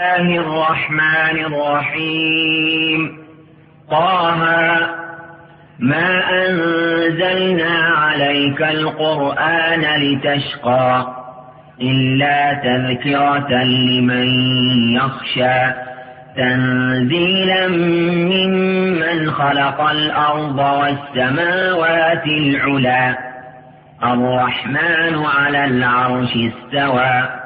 الله الرحمن الرحيم طه ما أنزلنا عليك القرآن لتشقى إلا تذكرة لمن يخشى تنزيلا ممن خلق الأرض والسماوات العلى الرحمن على العرش استوى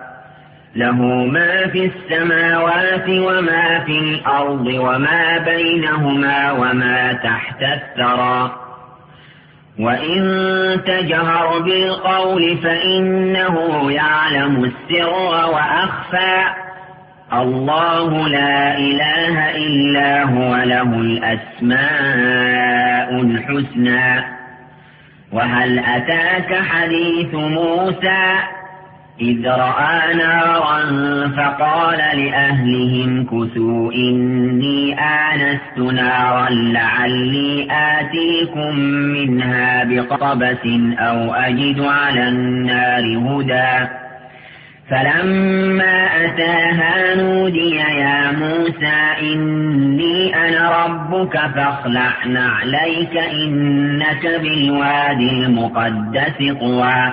له ما في السماوات وما في الأرض وما بينهما وما تحت الثرى وإن تجهر بالقول فإنه يعلم السر وأخفى الله لا إله إلا هو له الأسماء الحسنى وهل أتاك حديث موسى إذ رأى نارا فقال لأهلهم كثوا إني آنست نارا لعلي آتيكم منها بقبس أو أجد على النار هدى فلما أتاها نودي يا موسى إني أنا ربك فاخلع نعليك إنك بالوادي المقدس طوى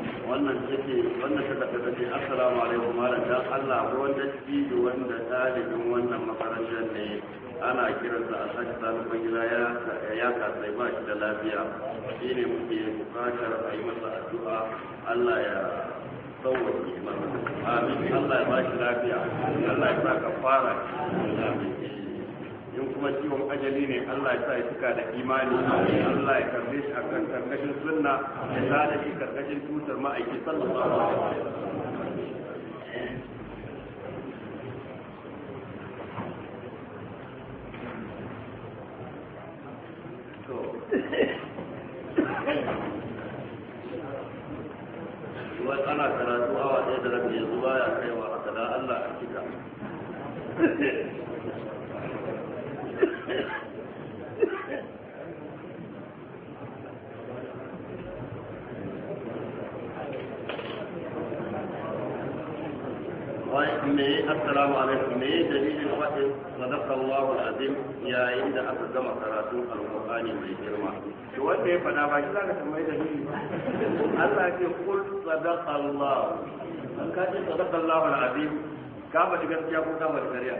wannan take wannan ta tafi take assalamu alaikum malam dan Allah ko wanda tibi wanda talibin wannan makarantar ne ana kiransa a sake talibin gida ya ya kasai ba shi da lafiya ne muke bukatar a yi masa addu'a Allah ya sauwaƙe masa amin Allah ya ba shi lafiya Allah ya sa ka fara amin in kuma ciwon ajali ne Allah ya sa ya cika da imani Allah ya karbe shi a karkashin sunna ya sa da shi karkashin tutar ma'aiki sallallahu alaihi wasallam ana karatu awa ɗaya da rabi ya ya kaiwa a kada Allah a cika me assalamu alaikum me dalilin wadin sadaqa Allah alazim yayin da aka gama karatu alqur'ani mai girma to wanda ya fada ba shi zaka tambaye da ba Allah ya ce kul sadaqa Allah an ka ce sadaqa Allah alazim ka ba gaskiya ko ka ba ƙarya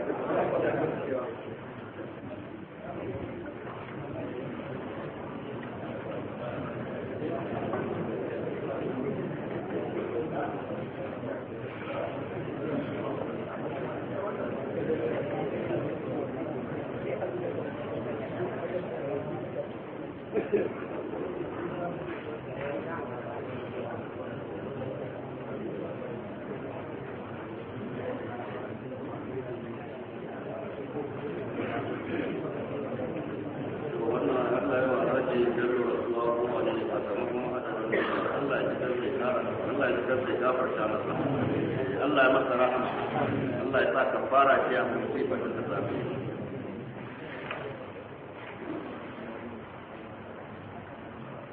ya musibar da ta same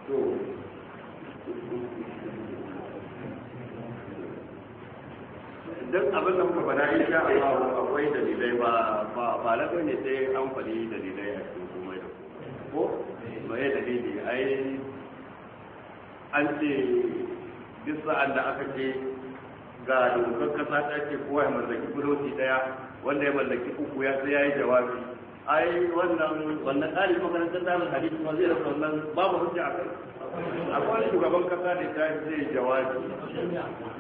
to duk abin da muka faɗa yi sha Allah akwai dalilai ba ba ba lalle ne sai an faɗi dalilai a cikin komai da ko ba ya dalili ai an ce duk sa'an da aka ce ga dokar kasa ta ce kowa ya mallaki buloti daya wanda ya mallaki uku ya sai yi jawabi ai wannan wannan ɗalibin makarantar dalil hadisi ma zai rasa wannan babu hujja a kai akwai shugaban kasa da ta zai jawabi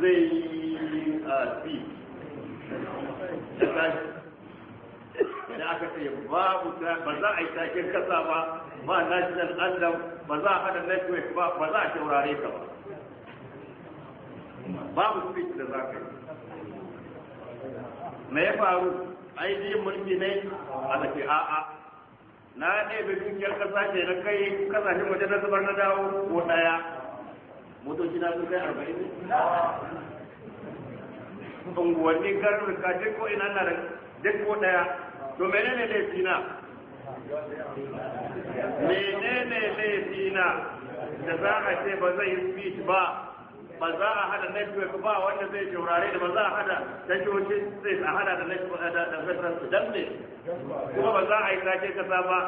zai yi a fi da da aka ce babu ba za a yi taken kasa ba ba national anthem ba za a hada network ba ba za a taurare ka ba babu speech da za ka yi me ya faru ai ji mulki ne a tafi a'a na ɗebe dukiyar kasa ce na kai kasashen waje na zubar na dawo ko ɗaya motoci na sun kai arba'in unguwanni garuruka duk ko ina na da duk ko daya to menene laifina menene laifina da za a ce ba zai yi speech ba ba za a hada network ba wanda zai taurare da ba za a hada tashoshi zai a hada da network da federal su dan ne kuma ba za a yi sake kasa ba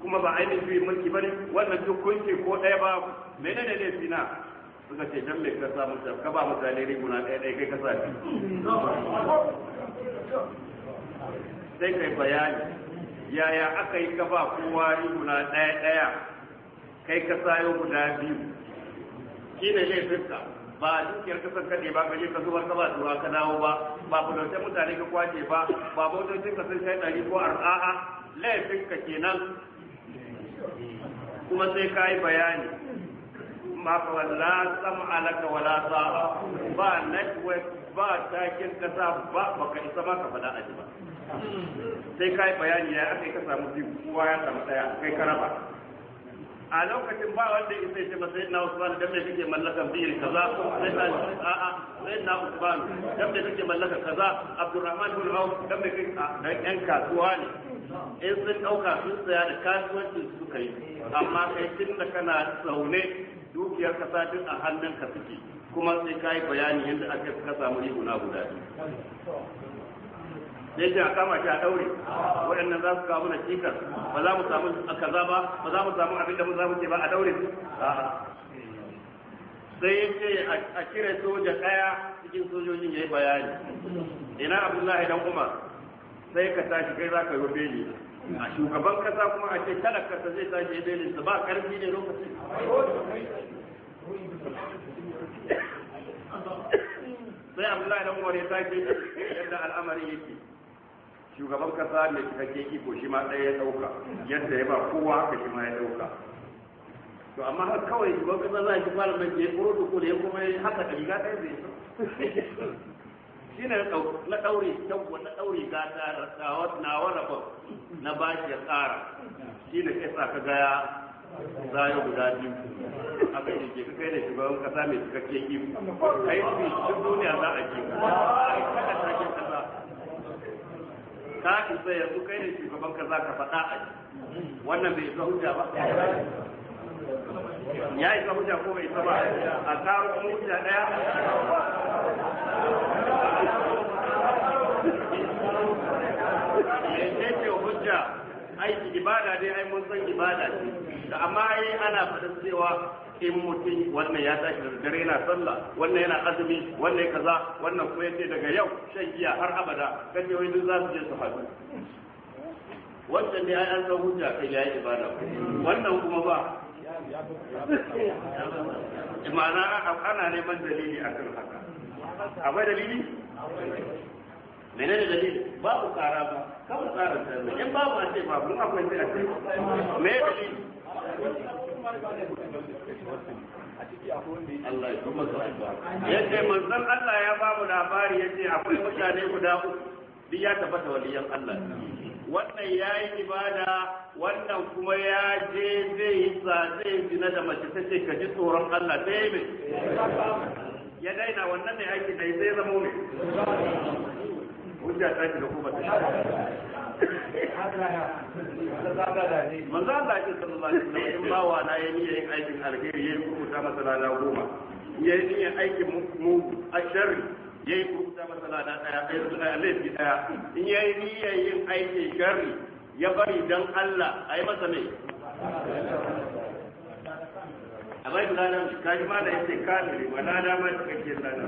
kuma ba ainihin juyin mulki ba ne wannan duk kunce ko ɗaya ba Mene ne fina suka ce dan me kasa musa ka ba mutane riguna ɗaya ɗaya kai kasa biyu sai kai bayani yaya aka yi ka ba kowa riguna ɗaya ɗaya kai ka sayo guda biyu shi ne laifinka ba a dukiyar kasar ka ne ba ka je ka zubar ka ba zuwa ka dawo ba ba fulautar mutane ka kwace ba ba bautocin ka sun kai ɗari ko ar'a'a ke kenan kuma sai ka yi bayani ma ka wala sama alaka wala sa'a ba network ba takin kasa ba ka isa ba ka a aji ba sai ka yi bayani ya aka yi ka samu biyu kowa ya samu ɗaya kai ka raba a lokacin ba wanda ya sai ce ba sai na Usman dan me kake mallaka biyin kaza sai na a a sai na Usman dan me kake mallaka kaza Abdurrahman bin Auf dan me kake dan yan kasuwa ne in sun dauka sun tsaya da kasuwancin suka yi amma kai tun da kana tsaune dukiyar kasa duk a hannun ka suke kuma sai kai bayani yadda aka samu riguna guda biyu da yake a kama shi a daure waɗannan za su kawo mana cikar ba za mu samu kaza ba ba za mu samu abin da mu za mu ce ba a daure su sai ya ce a kira soja ɗaya cikin sojojin ya yi bayani ina abdullahi dan umar sai ka tashi kai za ka yi ne? a shugaban kasa kuma a ce talakasa zai tashi ya belin ba karfi ne lokacin sai abdullahi dan umar ya tashi yadda al'amarin yake shugaban kasa mai cikakken iko shi ma ɗaya ya ɗauka yadda ya ba kowa haka shi ma ya ɗauka to amma har kawai shugaban kasa za shi fara mai ya protocol ya kuma ya haka da riga ɗaya zai shi ne na ɗaure tabbo na ɗaure gata na warafa na ba shi ya tsara shi ne kai sa ka gaya zayo guda biyu abin da ke kai da shugaban kasa mai cikakken iko kai su duniya za a ke kuma a kasa ka isa yanzu kai ne shugaban ka za ka faɗa a wannan bai isa hujja ba ya isa hujja ko bai isa ba a karo kuma hujja ɗaya ce hujja aiki ibada dai ai mun san ibada ce da amma ai ana faɗin cewa in mutum wannan ya tashi da dare yana sallah wannan yana azumi wannan kaza wannan kuma yace daga yau shan giya har abada kace wai duk za su je su haɗu wannan ne ai an san hujja kai yayi ibada wannan kuma ba ma'ana ana neman dalili akan haka akwai dalili menene dalil babu kara ba kawai tsarin sarari in babu a ce babu mun akwai sai a ce me dalili ya ce manzon Allah ya ba mu labari ce akwai mutane guda uku duk ya tabbata waliyan Allah wannan ya yi ibada wannan kuma ya je zai yi zai zina da mace ta ce ka ji tsoron Allah sai mai ya daina wannan ne aiki da zai zama ne hujja ta shiga ko ba ta shiga manzo Allah ya sallallahu alaihi wasallam in bawa na yayi niyyar aikin alheri yayi rubuta masa lada goma yayi niyyar aikin mu asharri yayi rubuta masa lada daya ɗaya laifi daya in yayi niyyar yin aikin sharri ya bari dan Allah ayi masa mai a bai lada kaji ma da yake kafiri ba lada ma da kake lada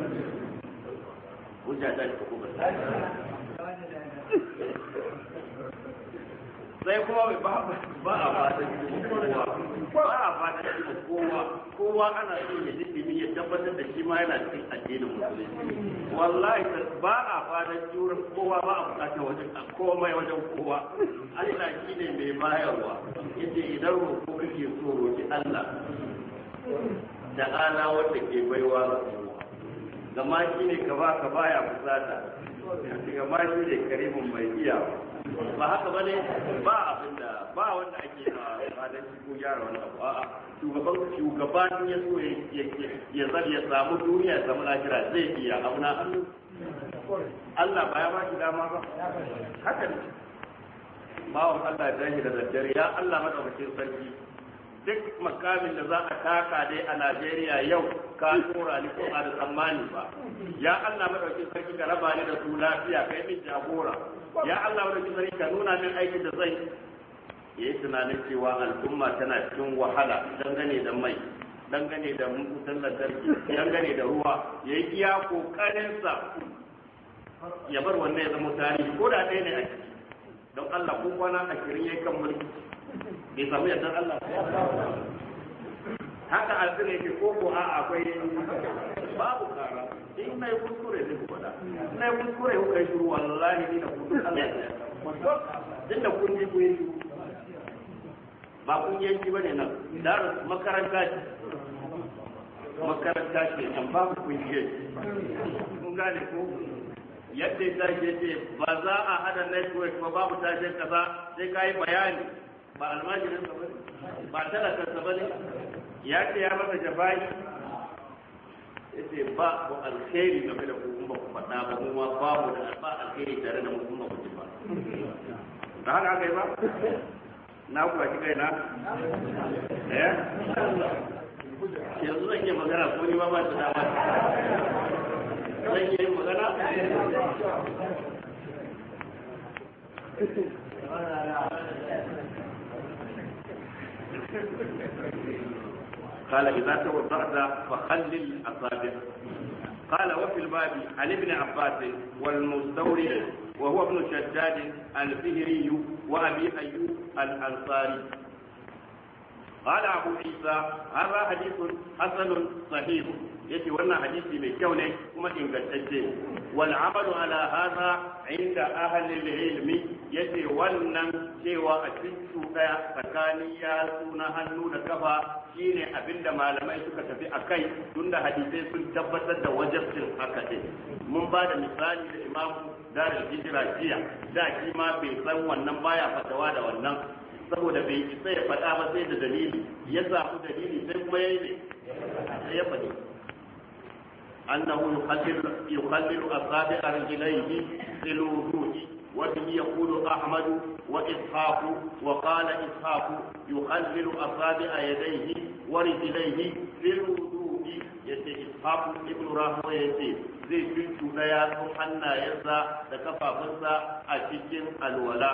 hujja ta shi kuma sai kuma ba ba a fata kowa ba a fata kowa kowa ana so ya dindimi ya tabbatar da shi ma yana cikin addinin musulunci wallahi ba a fata jurin kowa ba a bukata wajen komai wajen kowa Allah shi ne mai bayarwa yace idan roƙo kake so roƙi Allah da ana wanda ke baiwa zama shi ne ka ba ka baya fusata gama shi ne karibin mai iya ba haka ba ne ba abin da ba wanda ake na fadar shi ko gyara wanda ba. a shugaban shugaban ya so ya ya samu duniya ya samu lafiya zai iya abu na Allah ba ya ba shi dama ba haka ne wa Allah ya dahi da daddare ya Allah madaukakin sarki duk makamin da za a taka dai a Najeriya yau ka tura ni ko da tsammani ba ya Allah madaukin sarki ka raba ni da su lafiya kai min jagora ya Allah madaukin sarki ka nuna min aikin da zai yayi tunanin cewa al'umma tana cikin wahala dangane da mai dangane da mutan lantarki dangane da ruwa ya yi iya kokarin sa ya bar wannan ya zama tarihi ko da ɗaya ne a ciki don Allah ko kwana ashirin ya yi kan mulki bai samu yardar Allah haka alfin yake ko ko a akwai babu kara in na yi kuskure zai kuɗa na yi kuskure ko kai shuru wallahi ni na kuskure Allah ya din da kun ji ku yi ba kun yi ba ne nan dar makaranta ce makaranta ce nan babu kun yanki kun gane ko yadda ya tashi ce ba za a hada network ba babu tashin kasa sai ka yi bayani ba almajirin ka bane ba talakar ka bane ya ce ya masa jafa'i ya ce ba ku alheri game da kuma ba ku faɗa ba kuma babu da ba alheri tare da kuma ku ba da haka aka yi ba na kuwa shi kai na eh yanzu zan yi magana ko ni ma ba ta dama قال إذا توضأت فخلل الأصابع قال وفي الباب عن ابن عباس والمستوري وهو ابن شداد الفهري وأبي أيوب الأنصاري قال أبو عيسى هذا حديث حسن صحيح yace wannan hadisi mai kyau ne kuma ingantacce wal amalu ala hadha inda ahli ilmi yace wannan cewa a cikin daya tsakanin ya suna hannu da kafa shine abinda malamai suka tafi akai tunda hadisai sun tabbatar da wajibcin haka din mun ba da misali da imam darul hijra jiya da shi ma bai san wannan baya fatawa da wannan saboda bai isa ya faɗa ba sai da dalili ya zaɓi dalili sai kuma ya ne ya faɗi أنه يقلل يقلل أصابع رجليه في الوجود وبه يقول أحمد وإسحاق وقال إسحاق يقلل أصابع يديه ورجليه في الوجود يتي إسحاق ابن راهو يتي zai cuta yatsun hannayensa da kafafunsa a cikin alwala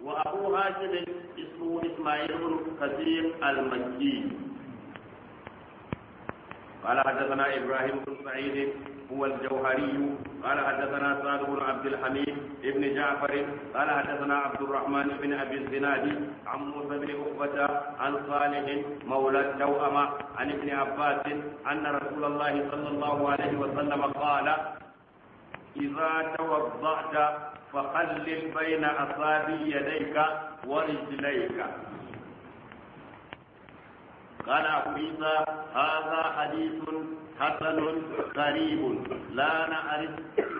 wa abu hashimin ismu ismail ibn kasir al-makki قال حدثنا ابراهيم بن سعيد هو الجوهري قال حدثنا سعد بن عبد الحميد بن جعفر قال حدثنا عبد الرحمن بن ابي الزناد عن موسى بن عقبه عن صالح مولى التوأمه عن ابن عباس ان رسول الله صلى الله عليه وسلم قال اذا توضأت فخلل بين اصابع يديك ورجليك قال أبو عيسى هذا حديث حسن غريب لا نعرف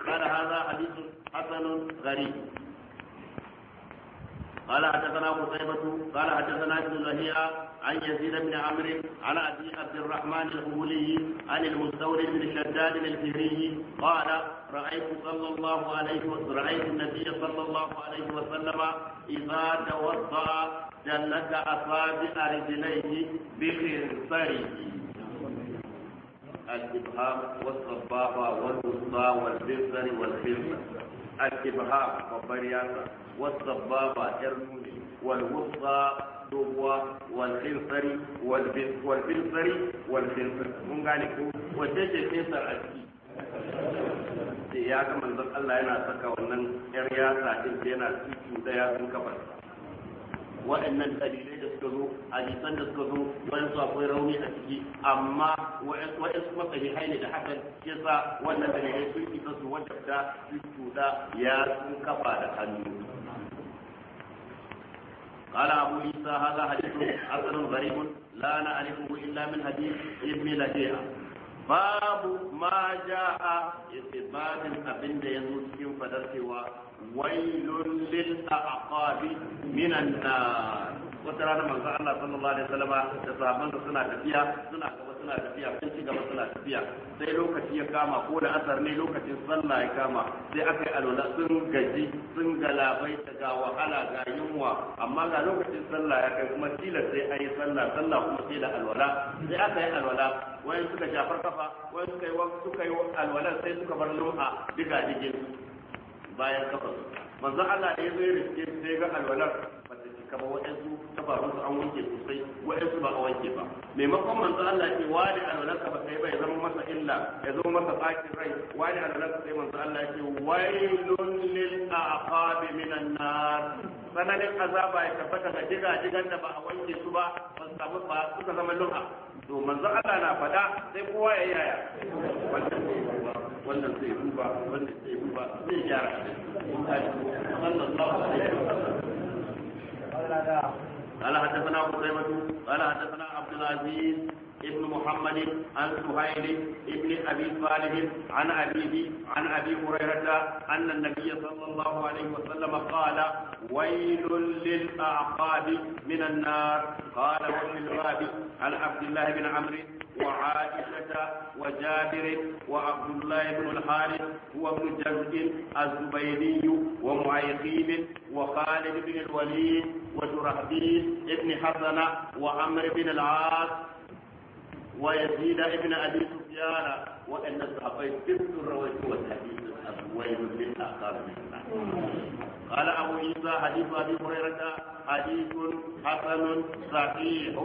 قال هذا حديث حسن غريب قال حدثنا قتيبة قال حدثنا ابن لهيعة عن يزيد بن عمرو عن ابي عبد الرحمن الخولي عن المستورد بن شداد الفهري قال رايت صلى الله عليه وسلم رايت النبي صلى الله عليه وسلم اذا توضا جلت أصابع رجليه بخنصره الإبهام والصبابة والوسطى والبصر والخنصر الإبهام وبرياسة والصبابة يرموني والوسطى دوبوا والخنصر والبصر والخنصر من قالكم وتجد خنصر أكيد ya ga manzon Allah yana saka wannan yar yasa din yana cikin da ya sun kafa waɗannan dalilai da suka zo a jisan da suka zo wani su akwai rauni a ciki amma waɗansu kuma sahihai ne da hakan shi yasa wannan dalilai sun isa su wajabta su cuta ya sun kafa da hannu قال أبو عيسى هذا حديث حسن غريب لا نعرفه إلا من حديث ابن لهيعة باب ما جاء istibadin abin da ya zo cikin ويل للأعقاب من النار وترانا من الله صلى الله عليه وسلم تصابن سنة تفيا سنة suna tafiya sun ci gaba suna tafiya sai lokaci ya kama ko da asar ne lokacin sallah ya kama sai aka yi alwala sun gaji sun galabai ga wahala ga yunwa amma ga lokacin sallah ya kai kuma tila sai an yi sallah sallah kuma sai da alwala sai aka yi alwala wayan suka shafar kafa wayan suka yi alwala sai suka bar lum'a diga digin bayan kafa manzo Allah ya zai ya riske sai ga alwalar ba ta cika ba waɗansu kafafun su an wanke sosai wa'ansu ba a wanke ba maimakon manzo Allah ce wani ba kai ba ya zama masa illa ya zama masa tsakin rai wani alwalarka sai manzo Allah ce wailun lil aqabi minan nar azaba ya tabbata ga jigajigan da ba a wanke su ba ba samu ba suka zama lu'a to manzo Allah na fada sai kowa ya yaya wannan zai duba wannan zai wannan zai zai gyara قال حدثنا قتيبة قال حدثنا عبد العزيز ابن محمد عن سهيل ابن أبي صالح عن أبيه عن أبي هريرة أن النبي صلى الله عليه وسلم قال ويل للأعقاب من النار قال وفي الباب عن عبد الله بن عمرو وعائشة وجابر وعبد الله بن الحارث وابن جزء الزبيدي ومعيقيب وخالد بن الوليد وشرهبيل بن حسن وعمرو بن العاص ويزيد ابن أبي سفيان وأن الصحابة كنت رويت والحديث ويل للآخرين قال أبو عيسى حديث أبي هريرة حديث حسن صحيح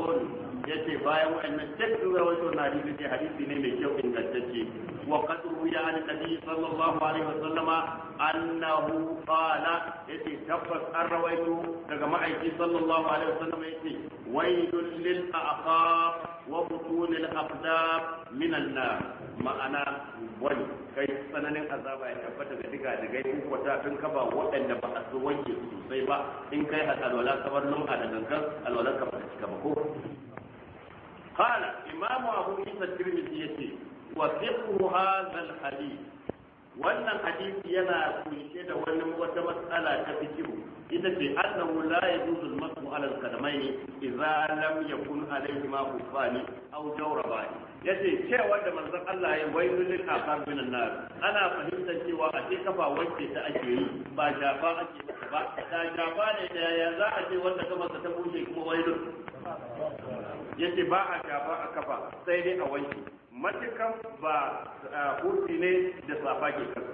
yace bayan wa'annan tattara wato na hadisi hadisi ne mai kyau ingantacce wa qad ruya an nabi sallallahu alaihi wa sallama annahu qala yace tabbas an rawaitu daga ma'aiki sallallahu alaihi wa sallama yace waylun lil aqab wa butun al aqdab min an-nar ma'ana wani kai tsananin azaba a tabbata ga diga daga yin kuwa ta tun kaba waɗanda ba a wanke ke sosai ba in kai a alwala kamar lum'a da gangan alwala ka ba cika ba ko قال إمام أبو عيسى wa يقول وفقه هذا الحديث wannan hadisi yana kunshe da wani wata matsala ta fikihu ita ce annahu la yajuzu al-masmu ala al-qadamaini idza lam yakun alayhi ma kufani aw jawrabani yace cewa da manzon Allah ya wayu ni a min an-nar ana fahimtar cewa a ce kafa wacce ta ake yi ba jafa ake ba da jafa ne da ya za a ce wanda kafa ta bushe kuma wayu yace ba a jafa a kafa sai dai a wanke matukan ba kursi eh, ne da safa ke kasa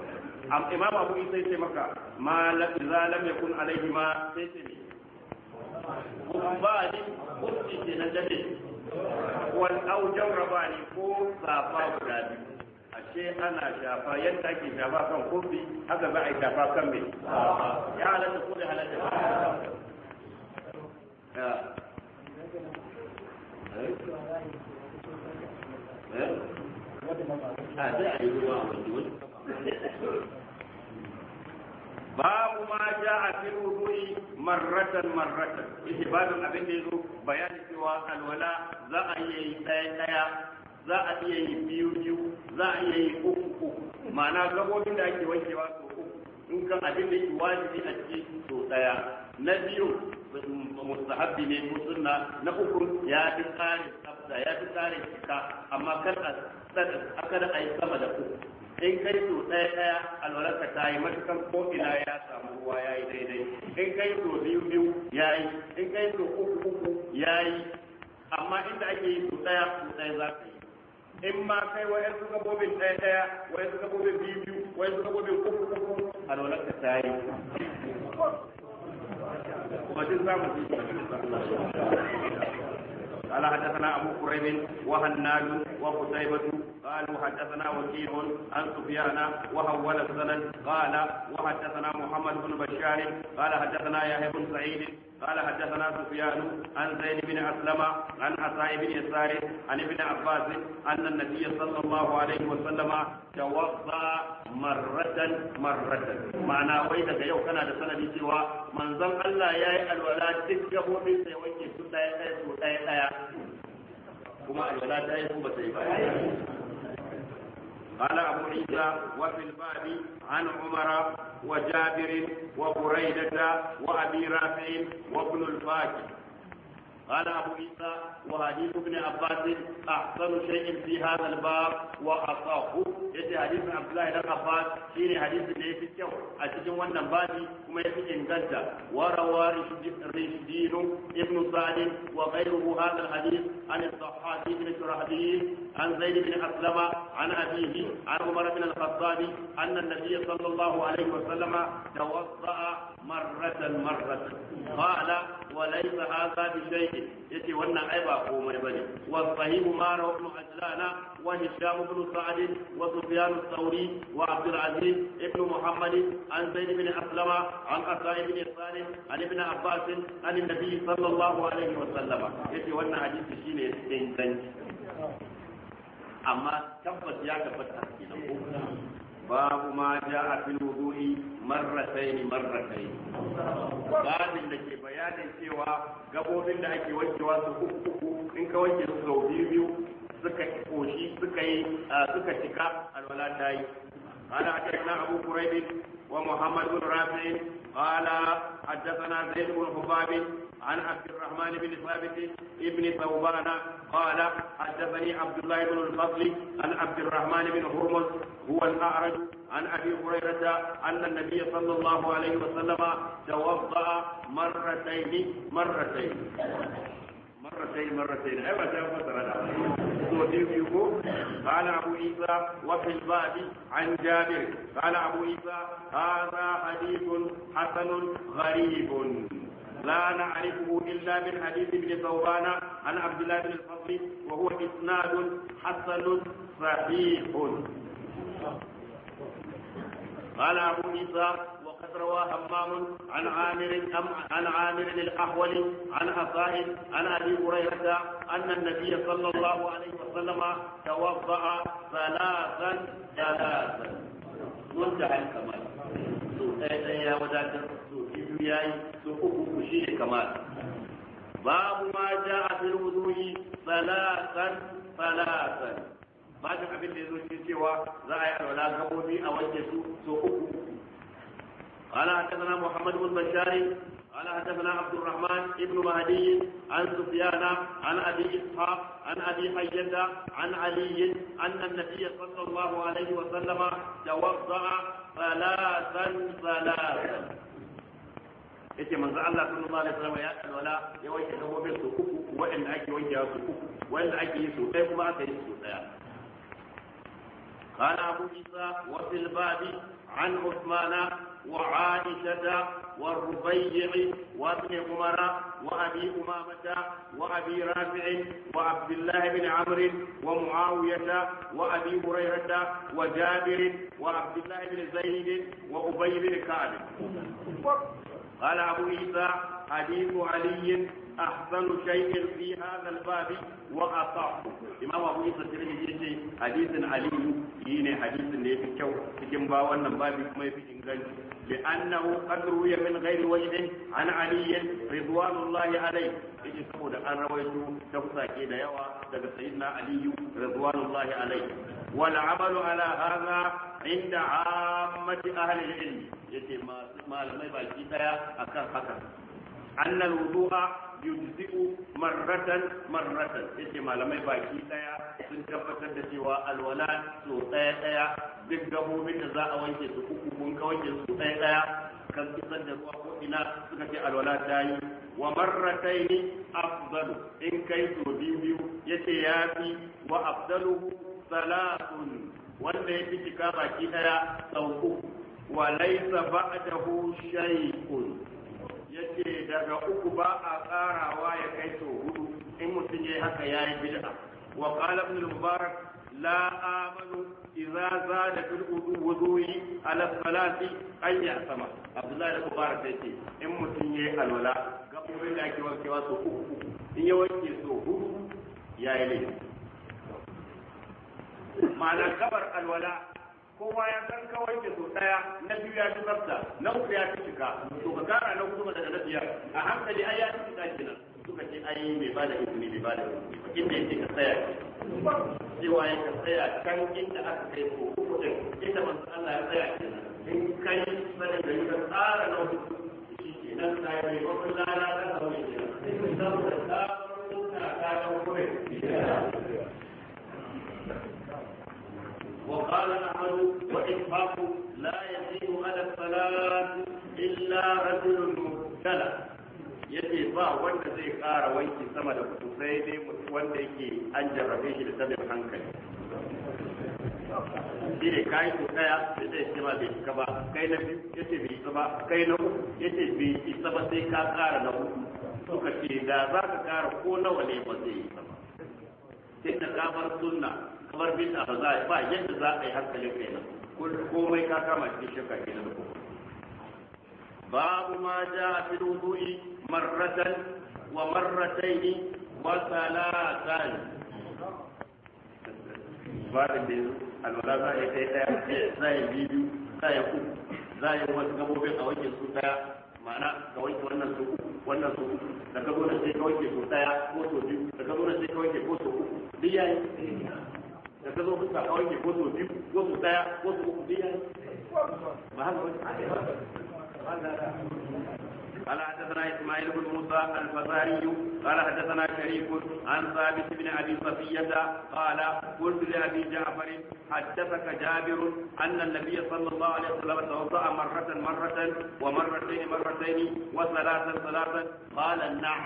am imam abu isa sai maka ma la iza lam yakun alayhi ma sai sai kumbani kursi ke nan dade wal au jarrabani ko safa guda biyu ashe ana shafa yadda ake shafa kan kursi haka za a yi shafa kan me ya halatta ko da halatta babu ma ja a fi rubuyi marratan marratan ishe ihbadun abin da ya zo bayani cewa alwala za a iya yi daya daya za a iya yi biyu biyu za a iya yi uku uku ma'ana gabobin da ake wankewa su uku in kan abin da yake wajibi a cikin daya na biyu mustahabbi ne ko sunna na uku ya fi tsari tsafta ya fi tsari cika amma kar a tsada ayi sama da uku in kai so daya daya alwalarka ta yi matukan ko ina ya samu ruwa ya yi daidai in kai so biyu biyu ya yi in kai so uku uku ya yi amma inda ake yi so daya so daya za ka yi in ma kai wa yanzu gabobin ɗaya ɗaya wa yanzu gabobin biyu biyu wa yanzu gabobin uku uku alwalarka ta yi ba duk zamu ji قال حدثنا أبو كريب وهناد وقتيبة قالوا حدثنا وكيع عن سفيان وهول السند قال وحدثنا محمد بن بشار قال حدثنا يحيى بن سعيد قال حدثنا سفيان عن زيد بن اسلم عن عطاء بن يسار عن ابن عباس ان النبي صلى الله عليه وسلم توضا مرة مرة معنى ويدك يو كان هذا سند سوى manzon Allah ya yi alwala duk gabobin sai wanke su ɗaya ɗaya su ɗaya ɗaya kuma alwala ta yi kuma sai ba قال أبو عيسى وفي الباب عن عمر وجابر وبريدة وأبي رافع وابن الفاكر قال أبو عيسى وحديث ابن عباس أحسن شيء في هذا الباب وأصاه يأتي حديث عبد الله بن عباس شيني حديث اللي في الجو أتجن وانا بادي كما يأتي إنجلتا وروى رشدين ابن سعد وغيره هذا الحديث عن الصحابي بن شرحبيل عن زيد بن أسلم عن أبيه عن عمر بن الخطاب أن النبي صلى الله عليه وسلم توضأ مرة مرة قال وليس هذا بشيء يتي وانا ايبا قوم يبني والصحيح ما رواه ابن عجلان وهشام بن سعد وسفيان الثوري وعبد العزيز ابن محمد عن زيد بن اسلم عن عطاء بن صالح عن ابن عباس عن النبي صلى الله عليه وسلم يتي وانا حديث شيء انتنج اما تبت يا تبت حكينا babu ma ja a fil wudu'i marratayn marratayn da ke bayanin cewa gabobin da ake wankewa su uku in ka wanke su sau biyu biyu suka koshi suka yi cika alwala ta yi قال حدثنا أبو كريب ومحمد بن رافع قال حدثنا زيد بن حباب عن عبد الرحمن بن ثابت ابن ثوبان قال حدثني عبد الله بن الفضل عن عبد الرحمن بن هرمز هو الأعرج عن أبي هريرة أن النبي صلى الله عليه وسلم توضأ مرتين مرتين مرتين مرتين أيوة قال أبو عيسى وفي الباب عن جابر قال أبو عيسى هذا حديث حسن غريب لا نعرفه إلا من حديث ابن ثوبان عن عبد الله بن الفضل وهو إسناد حسن صحيح قال أبو عيسى وقد روى همام عن عامر عن عامر الاحول عن عطاء عن ابي هريره ان النبي صلى الله عليه وسلم توضا ثلاثا ثلاثا منتهى الكمال سوء يا وداك سوء ياي سوء شيء كمال باب ما جاء في الوضوء ثلاثا ثلاثا bajin abin da ya zo shi cewa za a yi alwala gabobi a wanke su so uku قال حدثنا محمد بن بشار قال حدثنا عبد الرحمن بن مهدي عن سفيان عن ابي اسحاق عن ابي حيدة عن علي ان النبي صلى الله عليه وسلم توضا ثلاثا ثلاثا yace manzo Allah sallallahu alaihi wasallam ya alwala ya wanke gabobin su uku wa'anda ake wanke su uku wa'anda ake yi su ɗaya kuma aka yi su ɗaya قال أبو عيسى وفي الباب عن عثمان وعائشة والربيع وابن عمر وأبي أمامة وأبي رافع وعبد الله بن عمرو ومعاوية وأبي هريرة وجابر وعبد الله بن زيد وأبي بن كعب قال أبو عيسى حديث علي ahsanu shay'in fi hadha al-bab wa asahhu imam abu isa tirmi yace hadithin ali yine hadithin da yake kyau cikin ba wannan babi kuma yafi inganci bi annahu qad ruwiya min ghairi wajhin an ali ridwanullahi alayhi yace saboda an rawaito ta kusaki da yawa daga sayyidina ali ridwanullahi alayhi wal amal ala hadha inda ammati ahli al-ilm yace malamai baki a kan haka annal wudu'a yujzi'u marratan marratan yace malamai baki daya sun tabbatar da cewa alwala to daya daya duk gabobin da za a wanke su uku mun ka wanke su daya daya kan kisan da ruwa ko ina suka ce alwala ta yi wa marrataini afdalu in kai to biyu biyu yace ya fi wa afdalu salatun wanda ya fi cika baki daya sau uku wa laisa ba'dahu shay'un daga uku ba a karawa ya kai to hudu in mutum ya haka ya yi bid'a wa qala ibn al-mubarak la amanu idza zada fil wudu'i ala salati ay sama abdullahi ibn mubarak ce in mutum ya yi alwala gabobin da ake wankewa so uku in ya wanke so hudu ya yi laifi ma'ana kabar alwala kowa ya san kawai ke so daya na biyu ya fi tsafta na uku ya fi cika to ka kara na kuma daga na biyar a hankali ai ya fi cika kenan suka ce ai bai ba da izini mai bada izini inda yake ka tsaya cewa ya ka tsaya kan inda aka kai ko uku da inda manzo Allah ya tsaya kenan in kai sanin da ka tsara na hudu shi kenan sai mai wannan lana ta sauye kenan saboda ta ta ta ta وقال أحمد وإنفاق لا يزيد على الصلاة إلا رجل مبتلى yace ba wanda zai ƙara wanki sama da kudu sai dai wanda yake an jarrabe shi da tabin hankali shi ne kayi ko daya da zai ce ma bai ba kai na biyu yace bai ba kai na uku yace bai ba sai ka ƙara na uku suka ce da za ka ƙara ko nawa ne ba zai yi sai sunna kamar bin ba za ba yadda za a yi hankalin kai nan komai ka kama cikin shirka ke nan babu ma ja a fi wudu'i marratan wa marratayn wa salatan babu da alwala za a yi kai daya za a yi biyu za a yi uku za a yi wasu gabobin a wajen su daya ma'ana ga wanke wannan su wannan su da ka da sai ka wanke su daya ko su biyu da ka da sai ka wanke ko su uku duk yayi da ta zo wanke ko biyu ko daya ko uku ba haka قال حدثنا اسماعيل بن موسى الفزاري قال حدثنا شريف عن ثابت بن ابي صفيه قال قلت لابي جعفر حدثك جابر ان النبي صلى الله عليه وسلم توضا مره مره ومرتين مرتين وثلاثا ثلاثا قال نعم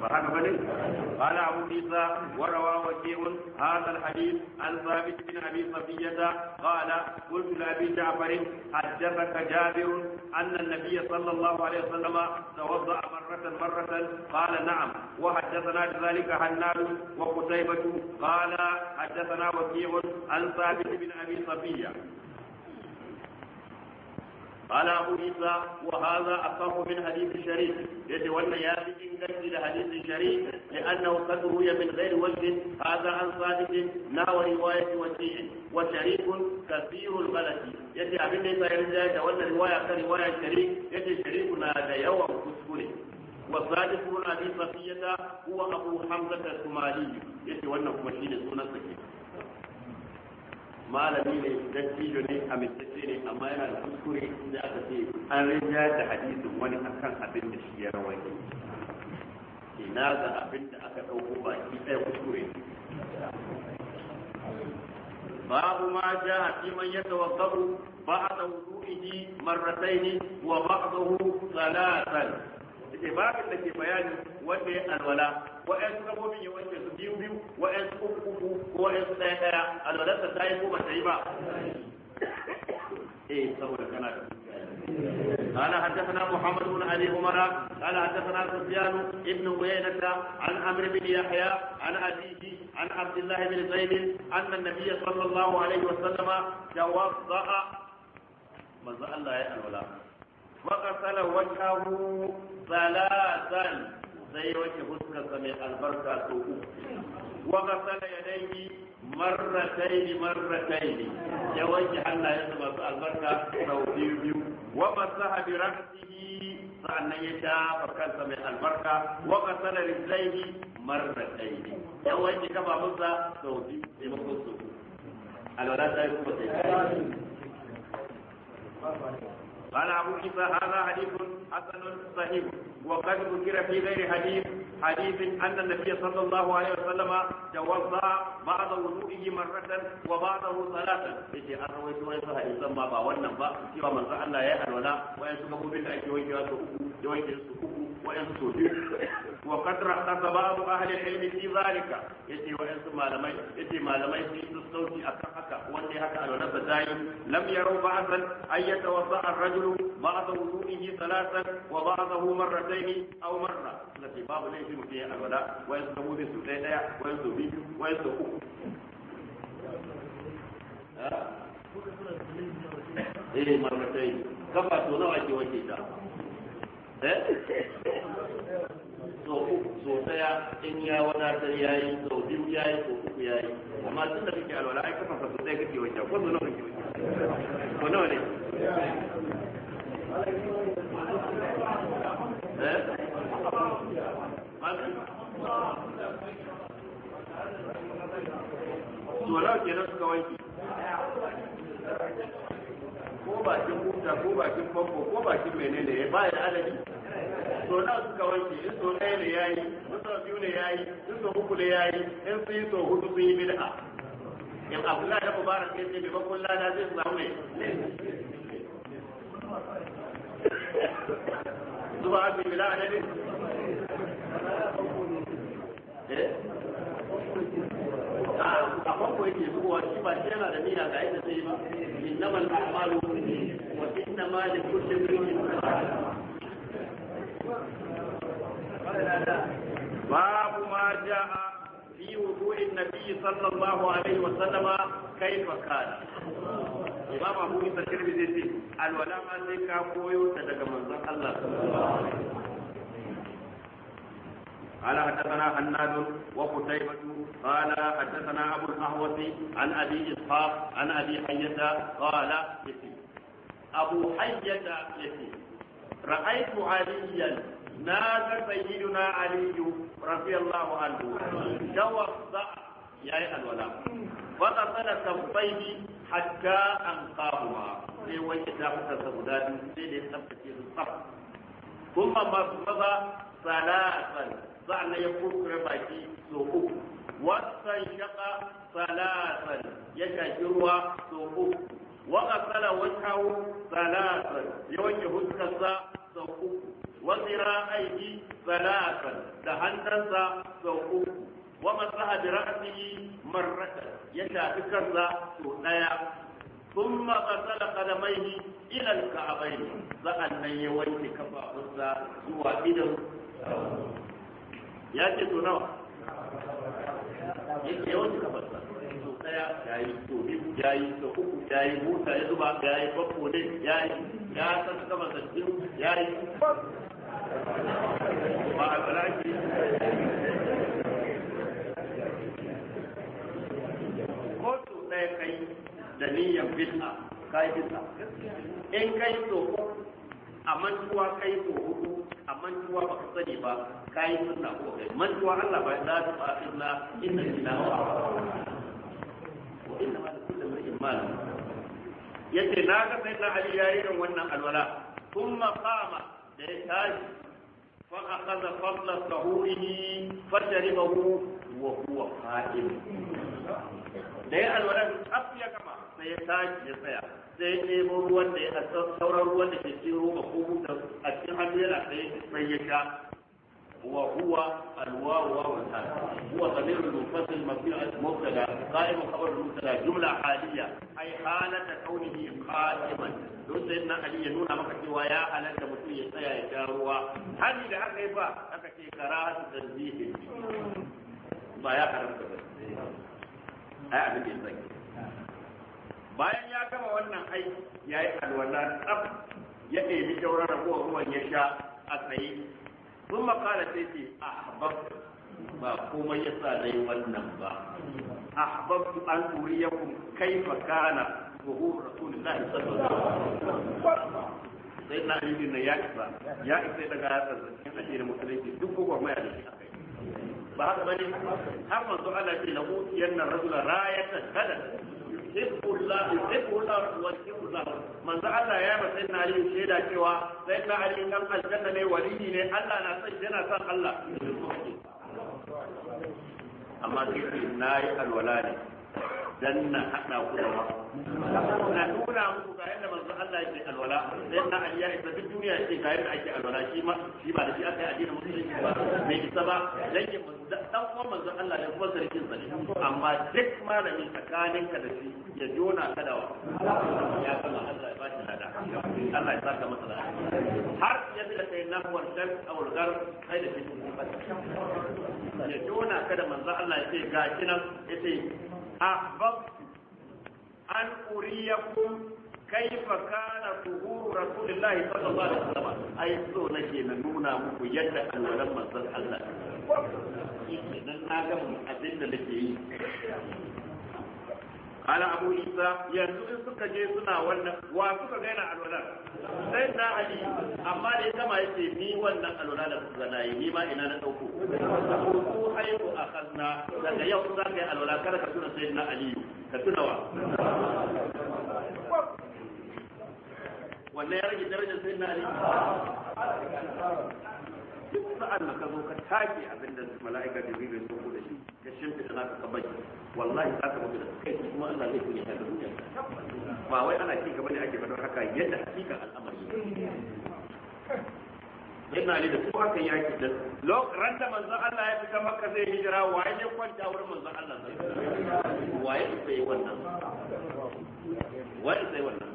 فهذا بني قال أبو عيسى وروى وكيع هذا الحديث عن ثابت بن أبي صفية قال قلت لأبي جعفر حدثك جابر أن النبي صلى الله عليه وسلم توضأ مرة مرة قال نعم وحدثنا بذلك حنان وقتيبة قال حدثنا وكيع عن ثابت بن أبي صفية قال أبو عيسى وهذا أصح من حديث الشريك يتولى ياتي إن قد حديث الشريك لأنه قد روي من غير وجه هذا عن صادق نحو رواية وسيع وشريك كثير الغلط يتي أبن ليس يرجع يتولى رواية كرواية الشريك يتي شريكنا ليوم كسكري والصادق بن أبي صفية هو أبو حمزة الصومالي يتي وأنه مشين سنة سكين malami ne dattijo ne a mintacce ne amma yana da kuskure da aka ce an rinja da hadisin wani akan abin da shi ya rawaye ina ga abin da aka ɗauko baki ɗaya kuskure babu ma ja a man ya tawakkabu iji wudu'ihi ne wa a salatan. Ibadan da ke bayani wanda ya alwala wa'ansu gabobin ya wanke su biyu biyu wa'ansu uku uku ko wa'ansu ɗaya ɗaya alwalarsa ta yi ko ba ta yi ba eh saboda kana da قال حدثنا محمد بن ابي عمر قال حدثنا سفيان بن عيينة عن عمرو بن يحيى عن أبيه عن عبد الله بن زيد أن النبي صلى الله عليه وسلم توضأ ماذا الله يا الولاء وغسل وجهه ثلاثا sai ya wanke fuskarsa mai albarka to ku wa ghasala yadayhi marratayn marratayn ya wanke hannayensa masu albarka sau biyu biyu wa masaha bi ra'sihi sa'annan ya shafa kansa mai albarka wa ghasala rijlaihi marratayn ya wanke kafafunsa sau biyu sai mako su alwala sai kuma sai قال أبو عيسى هذا حديث حسن صحيح وقد ذكر في غير حديث حديث أن النبي صلى الله عليه وسلم توضأ بعد وضوئه مرة وبعده ثلاثا يجي أن رويت ويسا حديثا ما با wannan ba cewa manzo Allah ya alwala wayan su gabobin da ake wankewa su uku da wanke su uku wa'ansu so biyu wa kadra kasa abu ahalin ilmi fi zalika yace wa'ansu malamai yace malamai sun yi sauki akan haka wanda ya haka alwala ba zai lam yaru ba'dan ay yatawadda ar-rajul ba'da wudu'ihi thalathan wa ba'dahu marratayn aw marra lati babu laifi mutum ya alwala wa'ansu da mutum su daya wa'ansu wa wa'ansu uku eh marratayn kafa to nawa ke wace ta sau eh? uku in ya wadatar ya yi sau biyu ya yi sau uku ya yi amma tun da kake alwala ai kasan sau kake ko nawa kake wanke ko nawa ne eh? kenan suka ko bakin buta ko bakin famfo ko bakin menene ya baya adadi so na suka wanke in so ɗaya ne ya yi in so biyu ne ya yi in so uku ne ya yi in sun yi so hudu sun yi bid'a in abdullahi da mubarak ne ce maimakon da zai samu ne zuwa abin bila adadin eh? a kwanko yake zuwa shi ba shi yana da niyya ga yadda zai ba innamal a'malu wa innama li kulli imrin babu ma ja'a fi wudu'in nabi sallallahu alaihi wa sallama kaifa kana imam abu isa alwala ma sai ka koyo daga manzon قال حدثنا حناد وقتيبة قال حدثنا أبو الأهوس عن أبي إسحاق عن أبي حية قال يسي أبو حية يسي رأيت عليا نادى سيدنا علي رضي الله عنه توضأ يا الولاء وغسل كفيه حتى أنقاهما sai wanke ta fitarsa guda biyu sai da ya tsaftace su tsaf kuma masu maza salatan sa'an ya kurkure baki so uku wasan shaqa salasan ya shaki ruwa so uku wa wa kawo salasan ya wanke huskarsa so uku wa aiki salasan da hannunsa so uku wa masaha bi ra'sihi marratan ya shafi kansa so daya ثم غسل قدميه الى الكعبين sa'annan ya wanke kafafunsa zuwa idan ya ce to nawa yake yawan ka fasa to daya to biyu ya zuba yayi ne yi ya san kama da ba a kotu kai da niyyar bid'a kai in kai to a mantuwa kai to mantuwa ba ka sani ba kayi sunna ko kai mantuwa Allah ba za ta faɗi na inna lillahi wa inna ma kullu mar'in ma yace na ga sai na Ali yayi irin wannan alwala kuma qama da ya tashi fa akhadha fadla sahurihi fa sharibahu wa huwa qa'im da ya alwala tsaf ya kama sai ya tashi ya tsaya sai ɗebo ruwan da ya sauran ruwan da ke cikin roba ko buta a cikin hannu yana sai sai ya sha wa huwa alwawu wa wata huwa zamir al mafi mabni al-mubtada qa'im khabar al-mubtada jumla haliya ay halata kaunihi qa'iman don sai nan ali ya nuna maka cewa ya halatta mutum ya tsaya ya sha ruwa hali da haka yi ba aka ce karatu tanzihi ba ya karanta ba ai abin da ya bayan ya gama wannan aiki ya yi alwala tsaf ya ɗebi jaurar kowa ruwan ya sha a tsaye sun makala sai ce ahbabtu ba komai ya sa dai wannan ba su an turiyakum kaifa kana zuhur rasulullahi sallallahu alaihi wasallam sai na yi na ya isa ya isa daga ya tsarkin da musulunci duk gwagwarmaya da a kai ba haka bane har manzo Allah ce la utiyan nan rajula rayatan kada hibbullahi hibbullahi wa hibbullahi manzo Allah ya masa na yin shaida cewa sai na ali nan aljanna ne waliyi ne Allah na san yana san Allah amma sai na yi alwala ne dan na hada ku da wa na nuna muku ga yadda manzo Allah yake alwala sai na Ali ya isa duk duniya ce ga yadda ake alwala shi ma shi ba da shi aka yi addinin musulunci ba me isa ba dangin dan uwan manzo Allah ya kuma sarkin sa amma duk malami tsakanin ka da shi ya jona ka ya kama Allah ya ba shi lada Allah ya saka masa lada har ya bi da kai nahwar shan aw gar kai da shi ya jona kada da manzo Allah ya ce ga kinan ya ce ahbabtu an uriyakum kaifa kana tuhuru rasulillahi sallallahu alaihi wasallam ai so nake na nuna muku yadda alwalan manzon Allah idan na ga abin da nake yi قال أبو عيسى يرزق سكا جي سنا ولا وسكا غير الولاد sai na Ali amma da ya sama yake ni wannan alwala da suka na yi ni ma ina na dauko ko haihu na daga yau za ka yi alwala kada ka tuna sai na aliyu ka tuna wa ya rage sai na aliyu duk sa'an da ka zo ka take abin da mala'ika da bibin sun da shi ka shimfi da naka ka wallahi za ka mutu da kai kuma Allah zai kunya ta duniya ba wai ana ci gaba ne ake fadar haka yadda hakika al'amari sayyidina ali da kuma kan yaki da lokacin da manzon Allah ya fita maka zai hijira waye ne kwanta wurin manzon Allah waye sai wannan waye sai wannan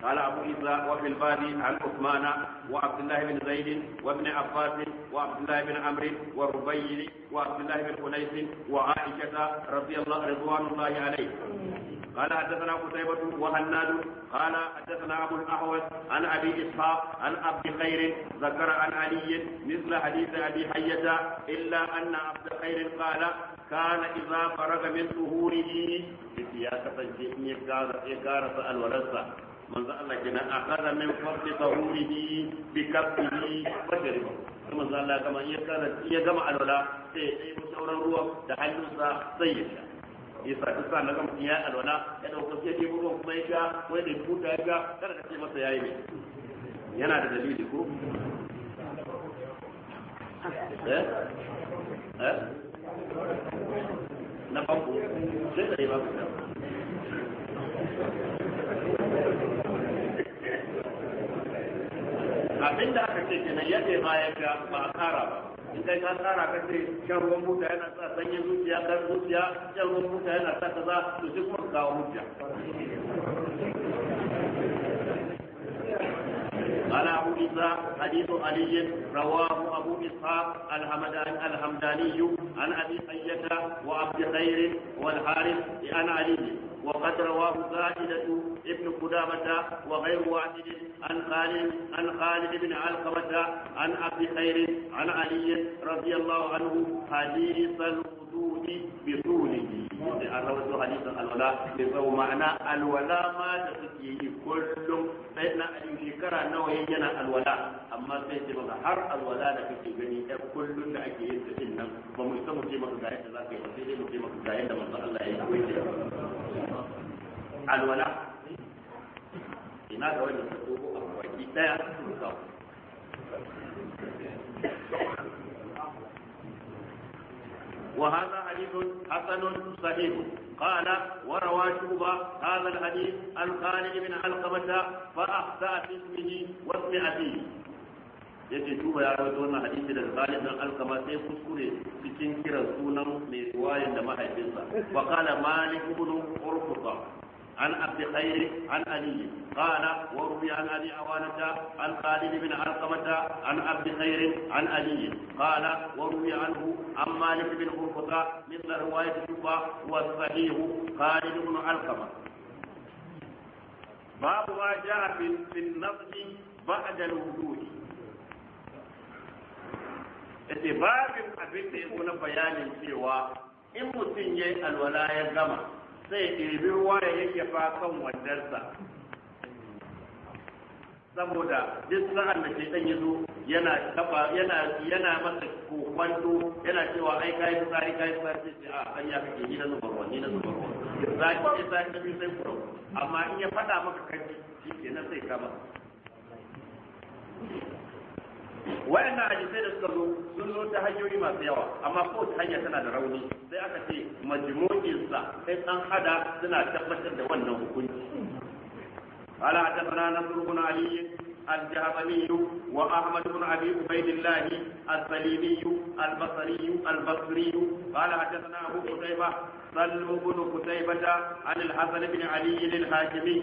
قال أبو إسحاق وفي الباب عن عثمان وعبد الله بن زيد وابن عباس وعبد الله بن عمرو والربيع وعبد الله بن حنيف وعائشة رضي الله رضوان الله عليه قال حدثنا قتيبة وهناد قال حدثنا أبو الأحوص عن أبي إسحاق عن عبد خير ذكر عن علي مثل حديث أبي حية إلا أن عبد خير قال كان إذا فرغ من ظهوره ya kasance in ya karasa alwalarsa manzo Allah kenan akaza min fadli tahurihi bi kaffihi fajriba manzo Allah kama ya karasa ya gama alwala sai ya yi sauran ruwa da hannunsa sai ya isa isa na ga mutum ya alwala ya dauko sai ya ruwan kuma ya ga ko ya dauko ta ya ga kada ka ce masa yayi ne yana da dalili ko eh eh na farko sai da ba ku abinda aka ce kenan yadda ya ga ba a kara ba in kai ka tsara ka ce shan ruwan buta yana sa sanyin zuciya kar zuciya shan ruwan buta yana sa kaza to duk kuma kawo hujja قال أبو إسحاق حديث علي رواه أبو إسحاق الهمداني الحمداني عن أبي حية وعبد خير والحارث عن علي وقد رواه زائدة ابن قدامة وغير واحد عن خالد عن خالد بن علقمة عن أبي خير عن علي رضي الله عنه حديثا bi الوضوء بطوله an rawaito hadisin alwala da tsawo ma'ana alwala ma da suke yi kullum sai na a ajin shekara nawa yin yana alwala amma sai ce maka har alwala da kake gani ɗan kullum da ake yin ta nan ba mu san mu ce maka ga yadda za ka yi sai dai mu ce maka ga yadda manzo Allah ya yi alwala ina ga wanda ta a baki daya su وهذا حديث حسن صحيح قال وروى شوبة هذا الحديث عن خالد بن علقمة فأخطأ في اسمه واسم أبيه yake tuba ya rawaito wannan hadisi daga Khalid bin Alkama sai kuskure cikin kiran sunan mai riwayan da mahaifinsa wa qala Malik ibn Urfuqa عن عبد خير عن علي قال وروي عن ابي عوانه عن خالد بن علقمه عن عبد خير عن علي قال وروي عنه عن مالك بن خلفقه مثل روايه هو الصحيح خالد بن علقمه باب ما جاء في النصب بعد الوجود اتباع babin abin da بيان na bayanin cewa in mutum sai ɗebi ruwa ya fa kan wandarsa saboda duk sa'an da ke ɗan yazo yana kafa yana yana masa kokwanto yana cewa ai kai sai kai tsari sai a hanya kake ni na zubarwa ni na zubarwa za ki ce sai ka sai kuro amma in ya fada maka kai shi kenan sai ka ba wayan nan ajisai da suka zo sun zo ta hanyoyi masu yawa amma ko ta hanya tana da rauni sai aka ce majimokinsa sai dan hada suna tabbatar da wannan hukunci ala ta fara na surbun aliyu al-jahabaniyu wa ahmad ibn abi ubaidillah al-saliniyu al-basriyu al-basriyu qala hadathana abu qutaybah sallu ibn qutaybah an al-hasan bin Aliyu al-hakimi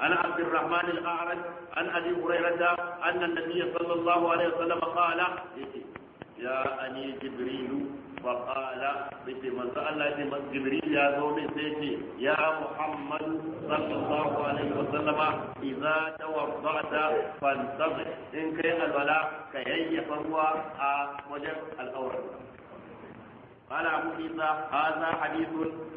عن عبد الرحمن الأعرج عن أبي هريرة أن النبي صلى الله عليه وسلم قال جاءني جبريل فقال بيتي من سأل جبريل يا زومي سيتي يا محمد صلى الله عليه وسلم إذا توضأت فانتظر إن كان الولاء كي فهو وجب الأورد قال أبو عيسى هذا حديث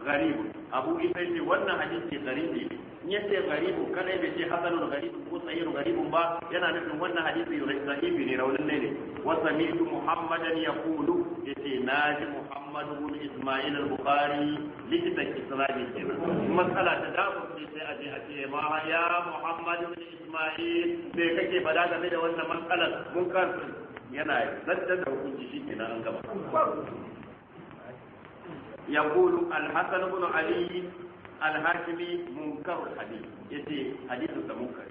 غريب أبو عيسى وانا حديث غريب yace garibu kadai bai ce hasanu garibu ko sayyidu garibu ba yana nufin wannan hadisi sahihi ne raunin ne wa sami'tu muhammadan yaqulu yace naji muhammad ibn isma'il al-bukhari likita isra'i kenan matsala ta damu ce sai a je a ce ma ya muhammad ibn isma'il me kake fada game da wannan matsalar mun kan yana zadda da hukunci shi na an gaba yaqulu al-hasan ibn ali الهاشمي منكر الحديث يتي حديث المنكر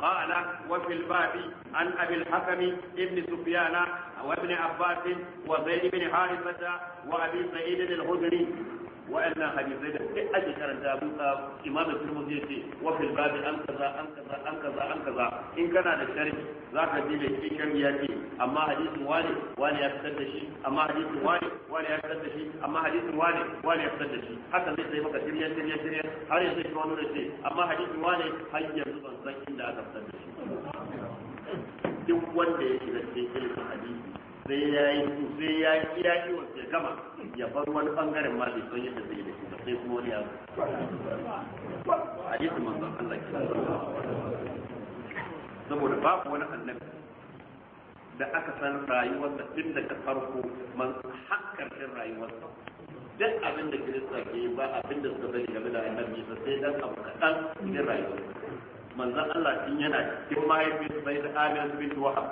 قال وفي الباب عن ابي الحكم ابن سفيان وابن عباس وزيد بن حارثه وابي سعيد الخدري wa'annan hadisai da sai ake karanta musa imam al-Tirmidhi ce wa fil babi an kaza an kaza an kaza an kaza in kana da za ka ji da shi kan ya ce amma hadisin wane wane ya fitar da shi amma hadisin wane wane ya fitar da shi amma hadisin wane wane ya fitar da shi haka zai sai maka shirya shirya shirya har ya sai wani da ce amma hadisin wane har yanzu ban san inda aka fitar da shi duk wanda ya shiga cikin ilimin hadisi sai ya yi sai ya yi ya wasu gama ya bar wani bangaren ma bai san yadda zai da shi ba sai kuma wani ya hadisi manzon Allah ke saboda babu wani annabi da aka san rayuwar da tun daga farko man hakkar shin rayuwarsa duk abin da Kirista ke ba abin da suka sani game da annabi Isa sai dan abu kaɗan cikin rayuwarsa manzon Allah tun yana cikin mahaifin sai da Amir bin Wahab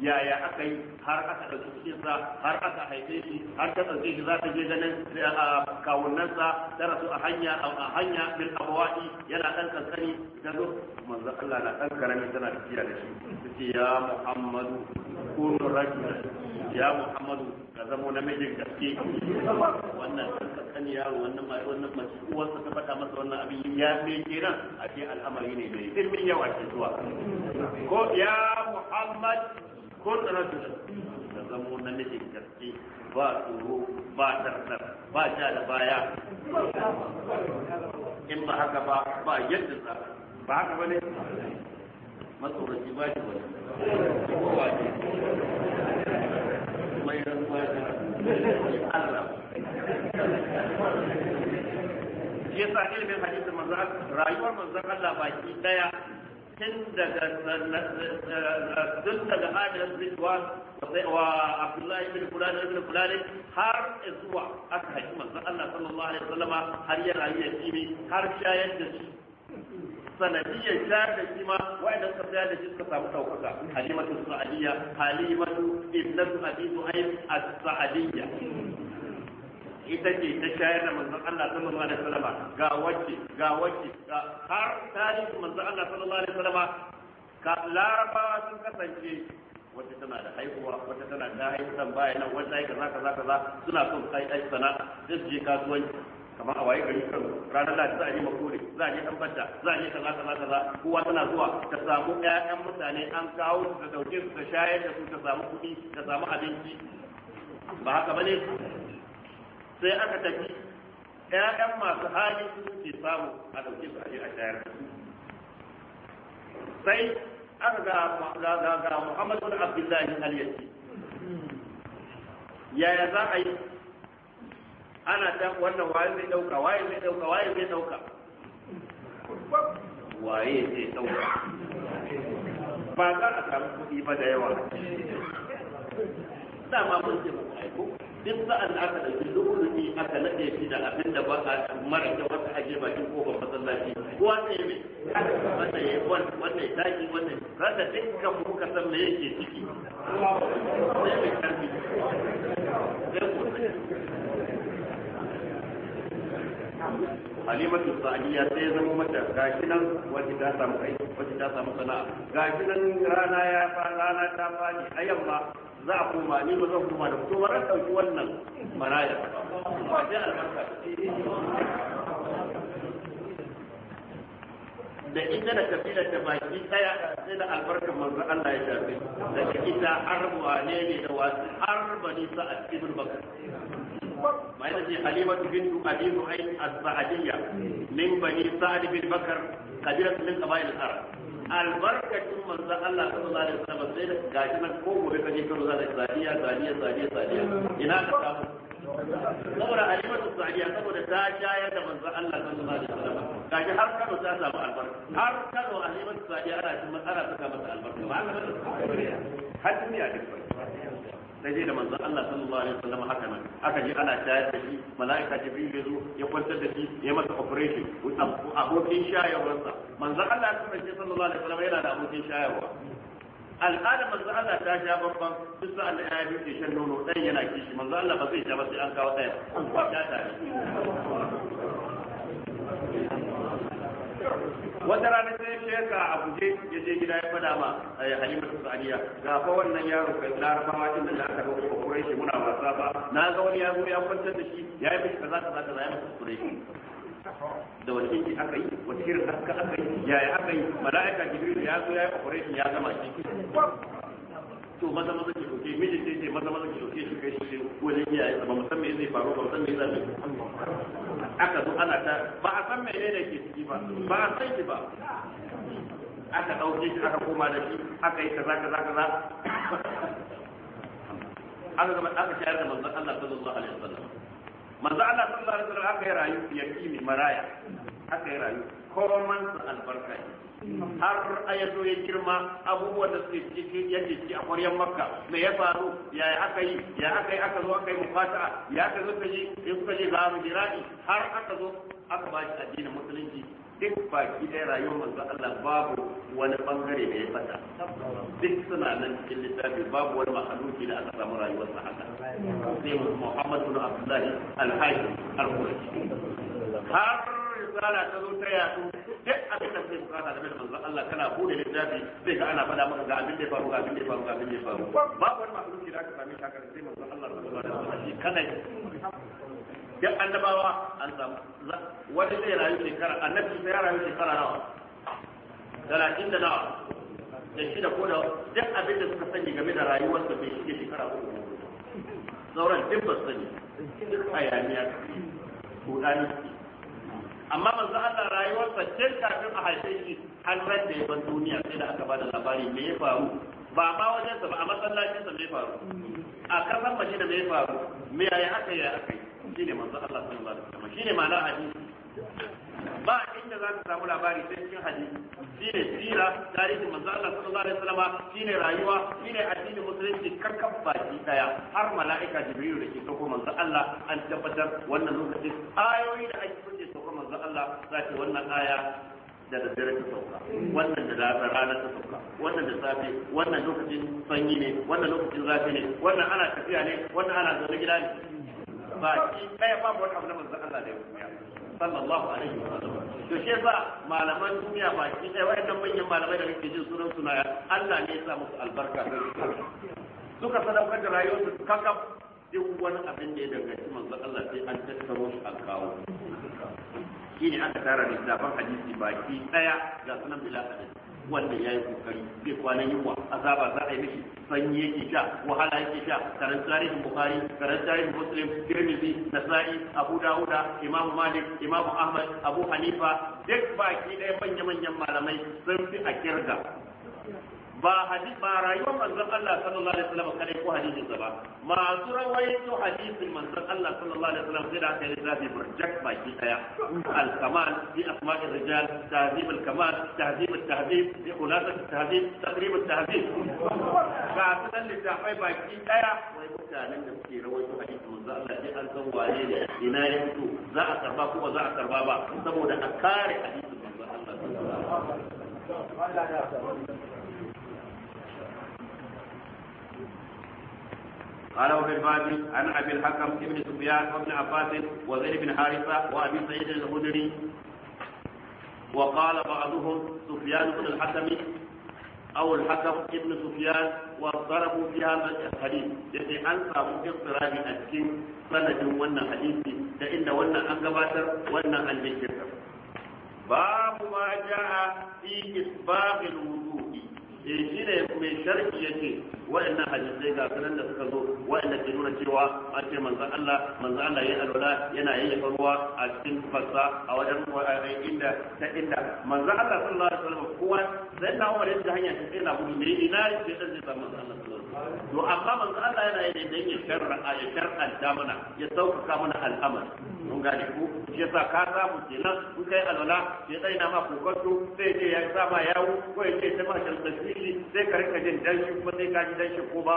yaya aka yi har aka ɗauki cikinsa har aka haife shi har ta ɗauke shi za ta je ganin eh, kawunansa ta rasu a hanya a hanya bil abawadi yana ɗan kankani da zo manzo Allah na ɗan karami tana tafiya da shi ya Muhammadu kun rajula ya Muhammadu ka zamo namijin gaske wannan ɗan kankani yaro wannan mai wannan mace uwarsa ta faɗa masa wannan abin ya me kenan a ce al'amari ne mai ilmin yawa ke zuwa ko ya Muhammad ko tsara da ka zamo namijin gaske ba tsoro ba tartar ba sha da baya in ba haka ba ba yadda za ba haka ba ne matsoraci ba shi wani kowa ne mai rantsuwa da Allah shi yasa ilimin hadisin manzo rayuwar manzon Allah baki daya tun daga tun daga adam bin wa wa abdullahi bin fulani bin fulani har zuwa aka haifi manzon Allah sallallahu alaihi wasallama har ya rayu ya kimi har shayar da shi sanadiyyar shayar da shi ma wa'anda suka shayar da shi suka samu ɗaukaka halimatu sa'adiyya halimatu ibnatu abi su'aib as-sa'adiyya ita ce ta shayar da manzon Allah sallallahu alaihi wasallam ga wacce ga wacce har da manzon Allah sallallahu alaihi wasallam ka larabawa sun kasance wata tana da haihuwa wata tana da haihuwan baya nan wata ai kaza kaza kaza suna son kai ai sana'a duk je kasuwanci kamar a waye gari kan ranar lati za a yi makuri za a yi dan badda za a yi kaza kaza kaza kowa tana zuwa ta samu ƴaƴan mutane an kawo su da dauke su ta shayar da su ta samu kuɗi ta samu abinci ba haka bane sai aka tafi ƴaƴan masu hali ke samu a ɗauke su a je a shayar sai aka ga ga Muhammadu Abdullahi al-Yasi yaya za a yi ana ta wannan waye zai dauka waye zai dauka waye zai dauka waye zai dauka ba za a samu kuɗi ba da yawa ma mun ce ba ko duk sa'an aka ɗauki lu'ulu'i aka naɗe shi da abin da ba a mara da wata aje bakin kofar masallaci wanda Wata mai wata ya wata ya taki wata rasa dukkan mu muka san me yake ciki sai mai karfi halimatu sai ya zama mata gashi nan wacce ta samu aiki wacce ta samu sana'a gashi nan rana ya fa rana ta fari a yamma za a koma ni ba zan koma da to ran ɗauki wannan maraya ba sai albarka da ita da kabila da baki daya sai da albarkar manzo Allah ya shafe daga ita har wane ne da wasu har bani sa'ad ibn bakr mai da Halima bintu abi nu'aym as-sa'diyya min bani sa'ad Bin bakr kabilatun min qabail al-arab albarkacin manzo Allah sallallahu alaihi wasallam sai da gashi nan ko gobe ka je karo zaka zadiya zadiya zadiya zadiya ina ka samu saboda alimatu zadiya saboda ta shayar da manzo Allah sallallahu alaihi wasallam gashi har karo ta samu albarka har karo alimatu zadiya ana cikin ana saka masa albarka ba Allah har duniya duk sai dai da manzon Allah sallallahu alaihi wasallam haka nan aka ji ana shayar da shi malaika jibril ya zo ya kwantar da shi ya masa operation abokin shayarwarsa manzon Allah ya kasance sallallahu alaihi wasallam yana da abokin shayarwa al'ada manzon Allah ta sha babban duk sa'an da ya bi shan nono dan yana kishi manzon Allah ba zai sha ba sai an kawo daya ba ta tare wata rana sai sheka a guje ya je gida ya fada ma eh, halima ta sa'adiya ga fa wannan yaro kai larabawa din da aka ga ko kurai shi muna wasa ba na ga wani yaro ya kwantar da shi ya yi mishi kaza kaza kaza ya mishi shi da wani yanki aka yi wata irin aka aka yi yaya aka yi mala'ika jibril ya zo ya yi operation ya gama shi to maza maza ki dauke miji sai ce maza maza ki dauke shi kai shi wajen iyaye ba mu san me zai faru ba san me zai aka zo ana ta ba a san menene ke ciki ba ba a san ki ba aka dauke shi aka koma da shi aka yi kaza kaza kaza aka zama aka shayar da manzon Allah sallallahu alaihi wasallam manzon Allah sallallahu alaihi wasallam aka yi rayu yaki ne maraya aka yi rayu koroman su albarka ne har a zo ya girma abubuwan da suke ciki ya ciki a kwaryan makka me ya faru ya aka yi ya aka yi aka zo aka yi mufata ya aka zo kaji ya kuka je ga mujirani har aka zo aka ba shi addinin musulunci duk baki ɗaya rayuwar manzo Allah babu wani bangare da ya fata duk suna nan cikin littafi babu wani mahaluki da aka samu sa haka sai Muhammad bin Abdullahi al-Hajj al-Qurashi har risala ta zo ta yaɗu duk abin da kai bukata game da manzon Allah kana bude littafi zai ga ana faɗa maka ga abin da ya faru ga abin da ya faru ga abin da ya faru babu wani makhluki da aka same shi haka sai manzon Allah sallallahu alaihi wasallam shi kanai duk annabawa an samu wani zai rayu shekara annabi sai ya rayu shekara nawa talatin da nawa da shi da ko da duk abin da suka sani game da rayuwarsa bai shige shekara uku sauran duk ba sani duk hayaniya ko amma manzo Allah rayuwarsa tun kafin a haife shi har ran da ban duniya sai da aka bada labari me ya faru ba ba wajen sa ba a masallacin sa me ya faru a kasan mace da me ya faru me yayi aka yi aka yi shine manzo Allah sallallahu alaihi wasallam shine ma'ana hadisi ba inda za ka samu labari sai cikin hadisi shine sira tarihi manzo Allah sallallahu alaihi wasallam shine rayuwa shine addinin musulunci kakkan baki daya har mala'ika jibril da ke kawo manzo Allah an tabbatar wannan lokacin ayoyi da ake manzo Allah za ki wannan aya da daddare ta sauka wannan da rana ta sauka wannan da safe wannan lokacin sanyi ne wannan lokacin zafi ne wannan ana tafiya ne wannan ana zaune gida ne ba shi kai ba wani abu manzon Allah da ya sallallahu alaihi wa sallam to shi yasa malaman duniya ba shi kai wayannan manyan malamai da kake jin sunan suna Allah ne ya sa musu albarka suka sadaukar da rayuwarsu kakaf duk wani abin da ya danganci manzon Allah sai an tattaro shi a kawo shine aka tara littafan hadisi baki ɗaya ga sunan bila hadisi wanda ya yi kokari bai kwanan yunwa azaba za a yi mishi sanyi yake sha wahala yake sha karan tarihin bukari karan tarihin muslim tirmidhi nasa'i abu dawuda imam malik imam ahmad abu hanifa duk baki ɗaya manya-manyan malamai sun fi a kirga ba hadis ba rayuwar manzon Allah sallallahu alaihi wasallam kare ko hadisin sa ba masu rawaito hadisin manzon Allah sallallahu alaihi wasallam sai da aka yi zafi daya al-kamal bi asma'i rijal tahzib al-kamal tahzib al-tahzib bi khulasat al-tahzib taqrib al-tahzib ga sunan littafai baki daya wai mutanen da suke rawaito hadisin manzon Allah sai an san wane ne ina ya fito za a karba ko za a karba ba saboda a kare hadisin manzon Allah sallallahu alaihi wasallam قال وفي الباب عن ابي الحكم ابن سفيان وابن عباس وزيد بن حارثه وابي سعيد الخدري وقال بعضهم سفيان بن الحكم أو الحكم ابن سفيان واضطربوا في هذا الحديث يتي أن سامو اضطراب أسكين سند ونا حديثي لأن ونا أنقباتر ونا أنجيكتر باب ما جاء في إسباغ الوضوء ke eh, shi ne mai sharhi yake wa'annan hadisai ga sunan da suka zo wa'anda ke nuna cewa a ce manzo Allah manzo Allah ya alwala yana yin ruwa a cikin fasa a wajen inda ta inda manzo Allah sallallahu alaihi wasallam kowa sai na umar yadda hanya ta sai na gudu ne ina ce dan zai samu manzo Allah sallallahu alaihi to amma manzo Allah yana yin dan ya sharra ya shar'anta ya sauƙaƙa mana al'amari mun gane ko shi yasa ka samu nan, kun kai alwala sai dai na ma kokarto sai ce ya sa ma yawo ko ya ce ta ma tasiri sai ka rika jin shi kuma sai ka ji shi ko ba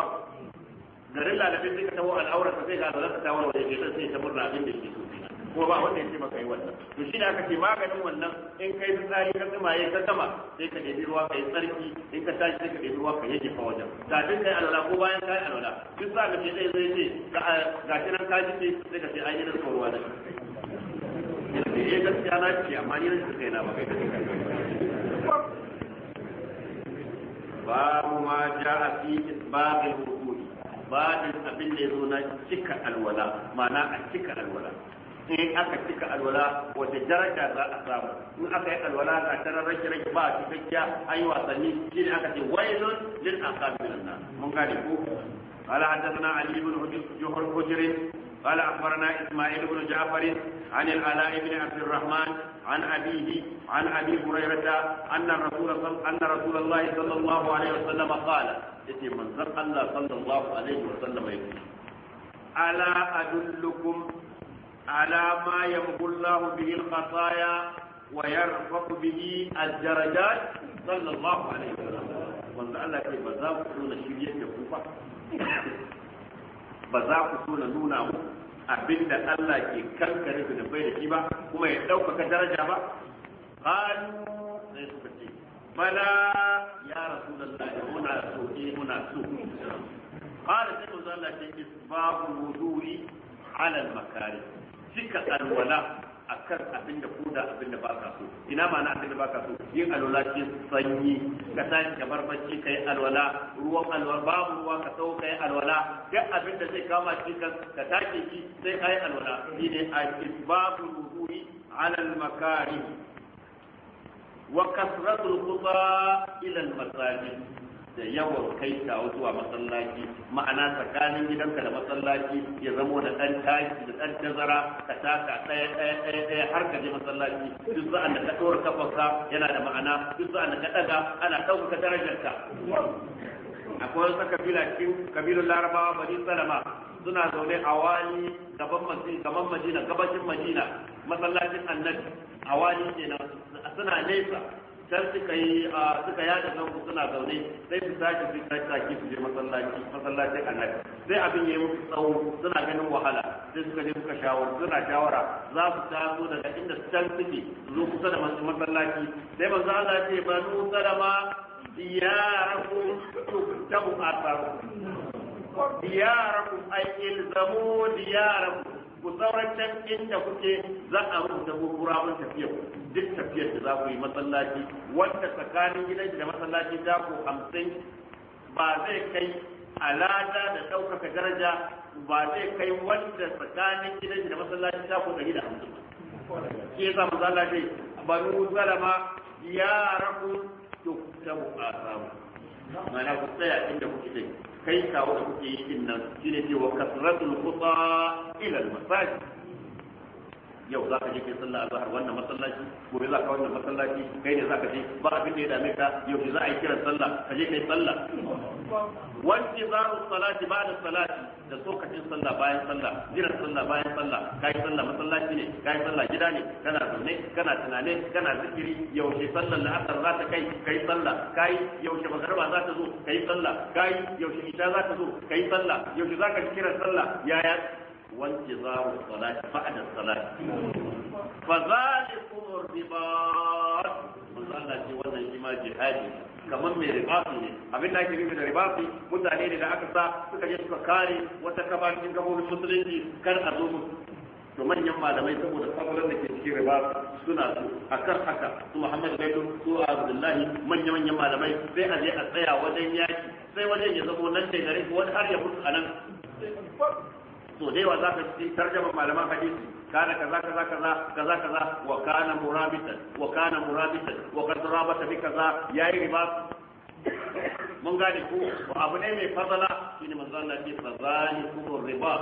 garin lalabe sai ka tawo al'aura sai ka alwala ta tawo da ke sai ta murna abin da ke so kuma ba wanda ya ce maka yi wannan to shi ne aka ce maganin wannan in kai fitsari ka tsima yayi ka sama sai ka nemi ruwa ka yi tsarki in ka tashi sai ka nemi ruwa ka yake fa wajen kafin kai alala ko bayan kai alala duk sa ka ce zai zai ce ga shi nan ka ji ce sai ka ce ai ina so ruwa da shi gaskiya na ce amma ni rashin kai na ba kai babu ma ja'a fi isbabil wudhu babin abin da yazo na cika alwala ma'ana a cika alwala in aka cika alwala wace daraja za a samu in aka yi alwala ga tarar rage rage ba cikakkiya an yi wasanni shi ne aka ce wayanon lil asabi nan mun gane ko qala hadathana ali ibn juhur hujri qala akhbarana isma'il ibn ja'far an al-ala ibn abd arrahman an abihi an abi hurayra anna rasul anna rasul allah sallallahu alaihi wasallam qala yace manzon allah sallallahu alaihi wasallam ala adullukum على ما يمحو الله به الخطايا ويرفع به الدرجات صلى الله عليه وسلم wanda Allah ke ba za ku so na shirye da ku ba ba za ku nuna mu abinda Allah ke kankare ku da bai da shi ba kuma ya ɗaukaka daraja ba qalu sai suka ce bala ya rasulullahi muna so eh muna so sai manzo Allah ce isbahu wudu'i ala al-makarih cika alwala a kan abin da ko da abin da baka so ina ma na abin da baka so yin alwala ce sanyi ka tashi ka bar bacci kai alwala ruwan alwala babu ruwa ka sau kai alwala duk abin da zai kama shi kan ka take shi sai kai alwala ne a isbabu ruhuri ala al-makari wa kasratul khuta ila al-masajid da yawan kai kawo zuwa masallaci ma'ana tsakanin gidanka da masallaci ya zamo da ɗan taki da ɗan tazara ka taka ɗaya ɗaya ɗaya ɗaya har ka je masallaci duk sa'an da ka ɗora kafanka yana da ma'ana duk sa'an da ka ɗaga ana ɗaukaka darajarka akwai wasu kabila cikin kabilun larabawa bani salama suna zaune a wani gaban masjid gaban madina gabashin madina masallacin annabi a wani kenan suna nesa can suka yi suka yada nan ku suna zaune sai su sake su sake sake su je masallaci masallaci annabi sai abin yayi musu tsawo suna ganin wahala sai suka je suka shawara suna shawara za su taso daga inda can suke zo kusa da masallaci sai manzo Allah ya ce nu salama diyarakum tabu asaru diyarakum ay ilzamu diyarakum ku tsauratar inda kuke za a rubuta ko kurabun tafiyar duk tafiyar da za ku yi masallaci wanda tsakanin gidan da masallaci za ku hamsin ba zai kai alada da ɗaukaka daraja ba zai kai wanda tsakanin gidan da masallaci za ku ɗari da hamsin ba. Shi yasa masallaci zala ma ya rabu duk tabu a samu. Mana ku tsaya inda kuke dai. kai kawo da kuke yi din nan shine cewa kasratul khuta ila al masajid yau za ka je kai sallah azhar wannan masallaci gobe za ka wannan masallaci kai ne za ka je ba abin da ya dame ka yau za a yi kiran sallah ka je kai sallah wanti zaru salati ba'da salati da tsokacin sallah bayan sallah jiran sallah bayan sallah kai sallah masallaci ne kai sallah gida ne kana zaune kana tunane kana zikiri yau sallah na la'asar za ta kai kai sallah kai yau ki magariba za ta zo kai sallah kai yau ki isha za ta zo kai sallah yau ki za ka kira sallah yaya وانتظار الصلاة بعد الصلاة فذلك الرباط وصلنا في وزن كما جهادي kamar mai ribasu ne abin da ake nufi da ribasu mutane ne da aka sa قبول المسلمين كان kare wata kaba cikin kar a zo musu to manyan malamai saboda sabulan da ke cikin riba suna su a kan haka su muhammad bello su abdullahi manya manyan malamai sai a je a tsaya wajen yaki sai wajen ya zamo nan da wani har ya mutu a nan to da yawa zaka yi tarjama malaman hadisi kana kaza kaza kaza kaza kaza wa kana murabitan wa kana murabitan wa qad rabata bi kaza yayi riba mun gane ko abu ne mai fadala ne manzo Allah ya fa zalikum riba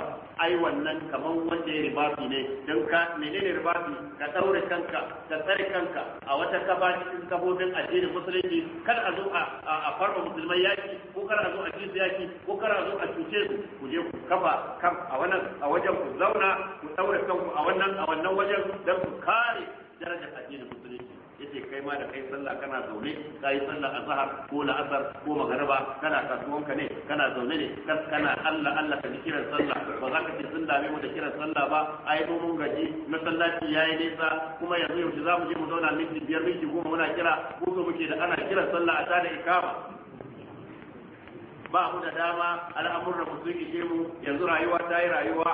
ai wannan kaman wanda ya riba ne dan ka menene riba ka daure kanka ka tsare kanka a wata kaba cikin kabobin addinin musulunci kar a zo a farba musulmai yaki ko kar a zo a ci yaki ko kar a zo a cuce su ku je ku kafa kam a wannan a wajen ku zauna ku daure kanku a wannan a wannan wajen dan ku kare darajar addinin musulunci ce kai ma da kai sallah kana zaune ka yi sallah azhar ko la'asar ko magariba kana kasuwan ka ne kana zaune ne kana Allah Allah ka ji kiran sallah ba za ka ce sun dame da kiran sallah ba ai mu mun gaji masallaci yayi nesa kuma yanzu yaushe za mu je mu zauna minti biyar minti goma muna kira ko ko muke da ana kiran sallah a tada ikama ba mu da dama al'amuran mu sun ishe mu yanzu rayuwa ta yi rayuwa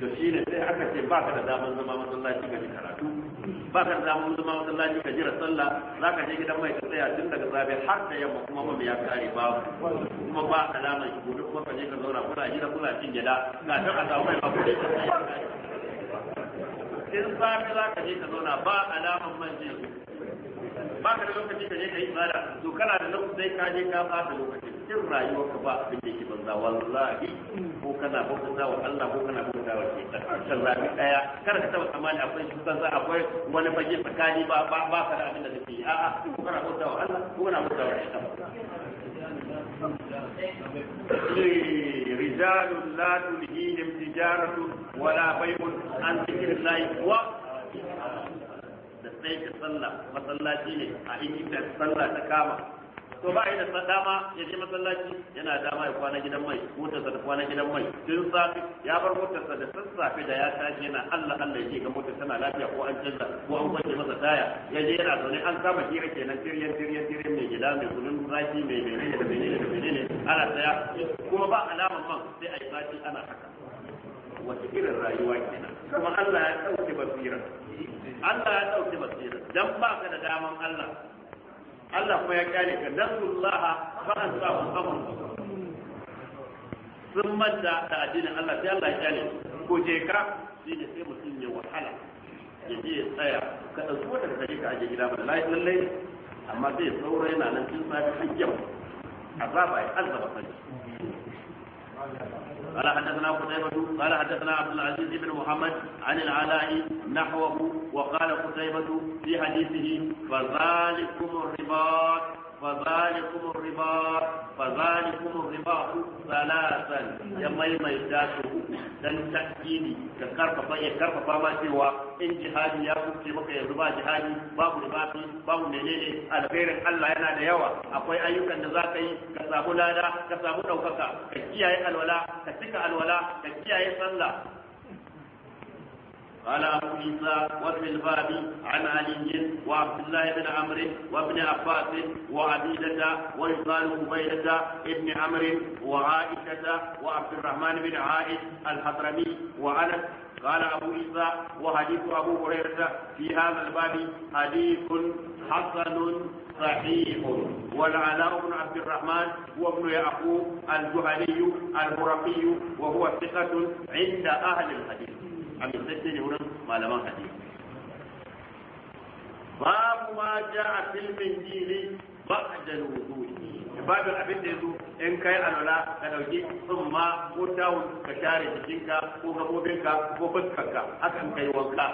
to shi ne sai aka ce ba ka da damar zama masallaci ka ji karatu ba ka da damar zama masallaci ka jira sallah za ka je gidan mai ka tsaya tun daga zabe har da yamma kuma mamu ya kare ba kuma ba alamar shi gobe kuma ka je ka zauna kuna jira kuna cin gida ga ta a samu mai babu in zafi za ka je ka zauna ba alamar man jin ba ka da lokaci ka je ka yi ibada to kana da lokaci ka je ka ba da lokaci cikin rayuwar ka ba abin da yake banza wallahi ko kana bauta wa Allah ko kana bauta wa shaitan kan zabi daya kada ka taba tsammani akwai shugaban za akwai wani fage tsakani ba ba ka da abin da yi. a'a ko kana bauta wa Allah ko kana bauta wa shaitan رجال لا تلهيهم تجارة ولا بيع عن ذكر الله sai ta sallah masallaci ne a inda sallah ta kama to ba da dama ya je masallaci yana dama ya kwana gidan mai motarsa da kwana gidan mai tun safi ya bar motarsa da sassafe da ya tashi yana Allah Allah yake ga motar tana lafiya ko an canza ko an kwace masa taya ya je yana zaune an kama shi ake nan tiryan tiryan tiryan mai gida mai kunun zaki mai menene da menene da menene ana tsaya kuma ba alaman man sai a yi ana haka wata irin rayuwa kenan kuma Allah ya dauke basira Allah ya dauke basira dan ba ka da daman Allah Allah kuma ya kare ka nasullah fa ansahu amr sun manta da addinin Allah sai Allah ya kare ko je ka shi ne sai mutum ya wahala ya je ya tsaya ka dauko da kai ka je gida ba lai lallai amma sai saurayi na nan cin safi ka yau azaba ya azaba sai قال حدثنا قتيبة قال حدثنا عبد العزيز بن محمد عن العلاء نحوه وقال قتيبة في حديثه فذلكم الرباط فذلكم الربا فذلكم الربا ثلاثا يا مي مي داسو dan takini da karfafa ya karfafa ma cewa in jihadi ya kuce maka yanzu ba jihadi babu ribafi babu menene Allah yana da yawa akwai ayyukan da za ka yi ka samu lada ka samu daukaka ka kiyaye alwala ka cika alwala ka kiyaye sallah قال أبو عيسى وفي الباب عن علي وعبد الله بن عمرو وابن عباس وعبيدة ويقال عبيدة ابن عمرو وعائشة وعبد الرحمن بن عائش الحضرمي وأنس قال أبو عيسى وحديث أبو هريرة في هذا الباب حديث حسن صحيح والعلاء بن عبد الرحمن هو ابن يعقوب الجهني المرقي وهو ثقة عند أهل الحديث amintacce ne wurin malaman hadisi babu ma ja'a fil minjili ba'da al-wudu'i babin abin da yazo in kai alwala ka dauki tsumma ko tawun ka share jikinka ko gabobinka ko fuskarka haka in kai wanka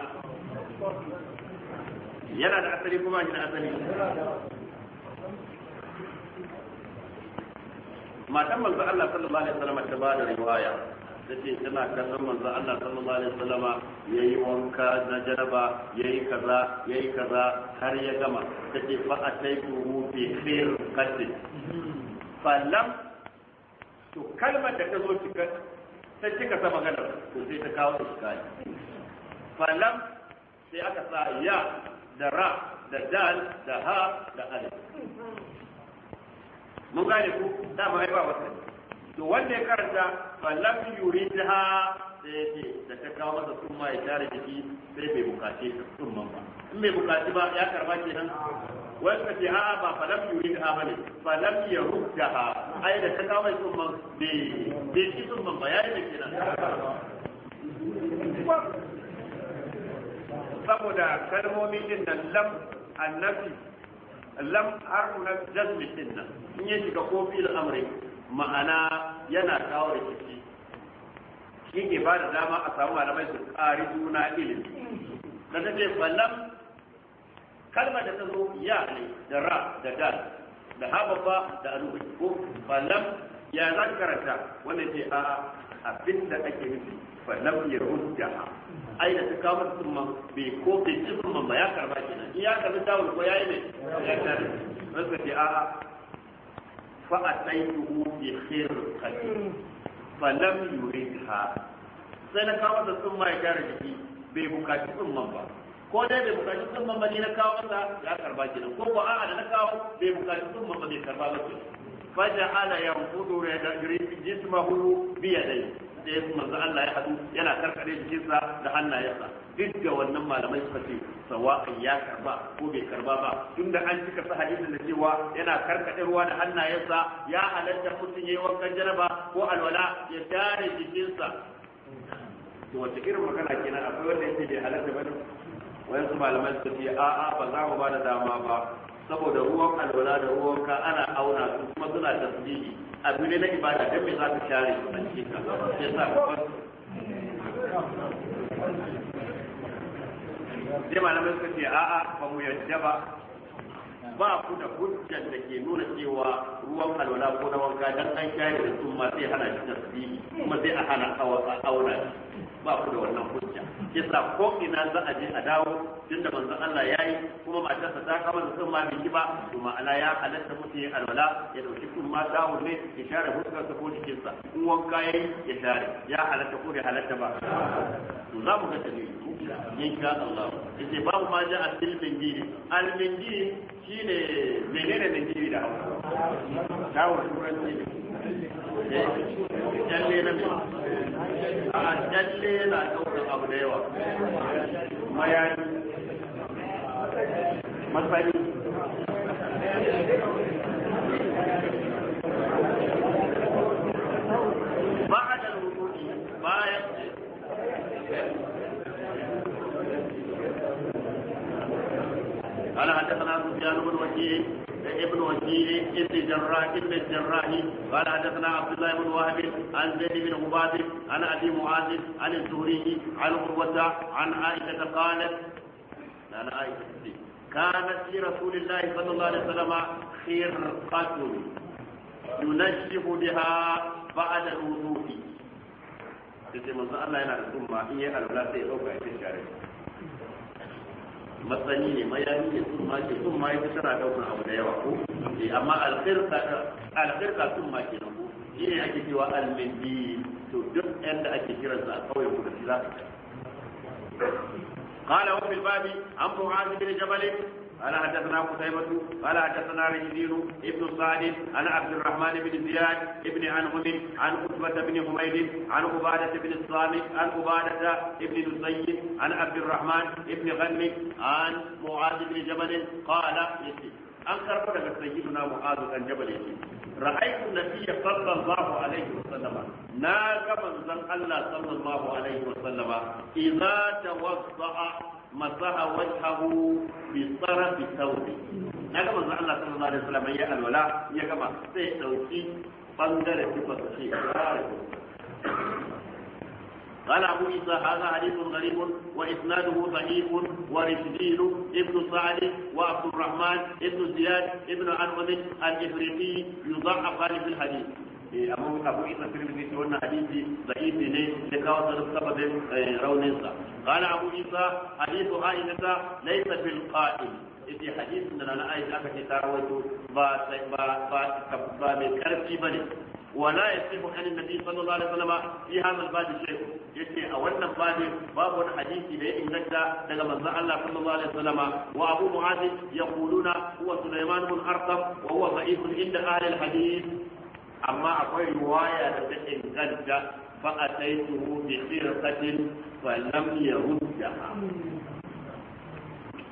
yana da asali kuma yana asali matan manzo Allah sallallahu alaihi wasallam ta bada riwaya ta ce tana kallon manzo Allah sallallahu alaihi wasallama yayi wanka na janaba yayi kaza yayi kaza har ya gama ta ce fa ataitu fi khair qadri falam to kalmar da ta zo cika ta cika ta magana to sai ta kawo iskali falam sai aka sa ya da ra da dal da ha da alif mun gane ku Da mai ba wasu to wanda ya karanta falam yuridha sai ce da ta kawo masa summa ya tare jiki sai bai bukace man ba in bai bukace ba ya karba nan wai ka ce a'a ba falam yuridha bane falam yaruddaha ai da ta kawo mai ne ne shi sun man ba yi da nan saboda kalmomin din nan lam annabi lam arna jazmi din nan in ya shiga kofi al'amri ma'ana yana kawo ciki. shi ke ba da dama a samu malamai su ƙari juna ilimi da ta ce ballam kalmar da ta zo ya ne da ra da dal da ba, da alubai ko ballam ya za ka karanta wanda ce a abin da ake nufi ballam ya rudda ai da ta kawo musamman bai ko bai ci musamman ba ya karba kenan in ya karbi dawul ko ya yi ne ya karbi wanda ke a'a فأتيته بخرقة فلم يريدها sai na kawo sun tsumma ya gyara jiki bai bukaci tsumman ba ko dai bai bukaci tsumman ba ne na kawo masa ya karba kenan ko ba a'a da na kawo bai bukaci tsumman ba bai karba ba kenan faja'ala yanqudu jismahu bi yadayhi sai manzo Allah ya hadu yana karkare jikinsa da hannayensa duk da wannan malamai suka ce sawa'an ya karba ko bai karba ba da an cika sa hadisin da cewa yana karkade ruwa da hannayensa ya halatta mutum yayi wankan janaba ko alwala ya tare jikinsa to wace irin magana kenan akwai wanda yake bai halatta bane wayan su malaman su ce a a ba za mu bada dama ba saboda ruwan alwala da ruwan ka ana auna su kuma suna tasbihi abu ne na ibada dan me za ka share su a cikin ka sai sa ka sai malamai suka ce a'a ba mu yadda ba ba ku da hujjar da ke nuna cewa ruwan alwala ko na wanka dan an shayar da sun ma sai hana shi tasbihi kuma sai a hana aura ba ku da wannan hujja kisa ko ina za a je a dawo tunda manzon Allah yayi kuma matarsa ta kawo da sun ma biki ba to ma'ana ya halatta mutum ya alwala ya dauki kun ma dawo ne ya share huskarsa ko jikinsa in wanka yayi ya share ya halatta ko bai halatta ba to za mu ga dalili in Allah yace babu ma ja'a fil mingiri al mingiri shine menene mingiri da hausa dawo ne eh, jalle na a jalle na daukar abu da yawa mayani بن وكيع ابن وكيع ابن جراح ابن الجراح قال حدثنا عبد الله بن وهب عن زيد بن عباد عن ابي معاذ عن الزهري عن قروة عن عائشة قالت عن عائشة كانت في رسول الله صلى الله عليه وسلم خرقة ينشف بها بعد الوضوء. Sai manzo Allah yana da tsumma in ya alwala sai ya ɗauka ya share. matsani ne mayami ne sun ma ke sun ma yi fi tana daukar abu da yawa ko eh, amma alkhirka sun ma ke nan ko shi ne ake cewa almindi to duk yadda ake kiransa a kauye ku da shi za ka قال وفي الباب عن معاذ بن جبل قال حدثنا قتيبة قال حدثنا رجلين ابن صالح عن عبد الرحمن بن زياد ابن عنهم عن عتبة بن حميد عن عبادة بن الصامت عن عبادة بن نسيد عن عبد الرحمن بن غنم عن معاذ بن جبل قال يسير an karɓo daga sayyiduna mu'azu dan jabal yake ra'aytu nabiyya sallallahu alaihi wa sallama na ga manzon Allah sallallahu alaihi wa sallama idza tawadda'a masaha wajhahu bi tsara bi sauri na Allah sallallahu alaihi wasallam ya alwala ya kama. sai dauki bangare tufa sai قال أبو عيسى هذا حديث غريب وإسناده ضعيف ورشدين ابن سعد وعبد الرحمن ابن زياد ابن عنود الإفريقي يضعف في الحديث Eh, abu abu isa tirmidhi ce wannan hadisi da'ifi ne da kawo sa saboda eh, raunin sa kana abu isa hadithu aisha laysa bil qa'il idi hadisin da na aisha aka ce ta rawaito ba ba ba ba mai karfi bane ولا يصح عن النبي صلى الله عليه وسلم في هذا الباب شيء يتي a wannan babi babu wani hadisi da ya inganta daga manzon Allah sallallahu alaihi wasallam wa Abu Mu'adh yaquluna huwa Sulaiman bin Arqam wa huwa da'if inda ahli al-hadith amma akwai riwaya da ta inganta fa ataytuhu bi firqatin fa lam yurdaha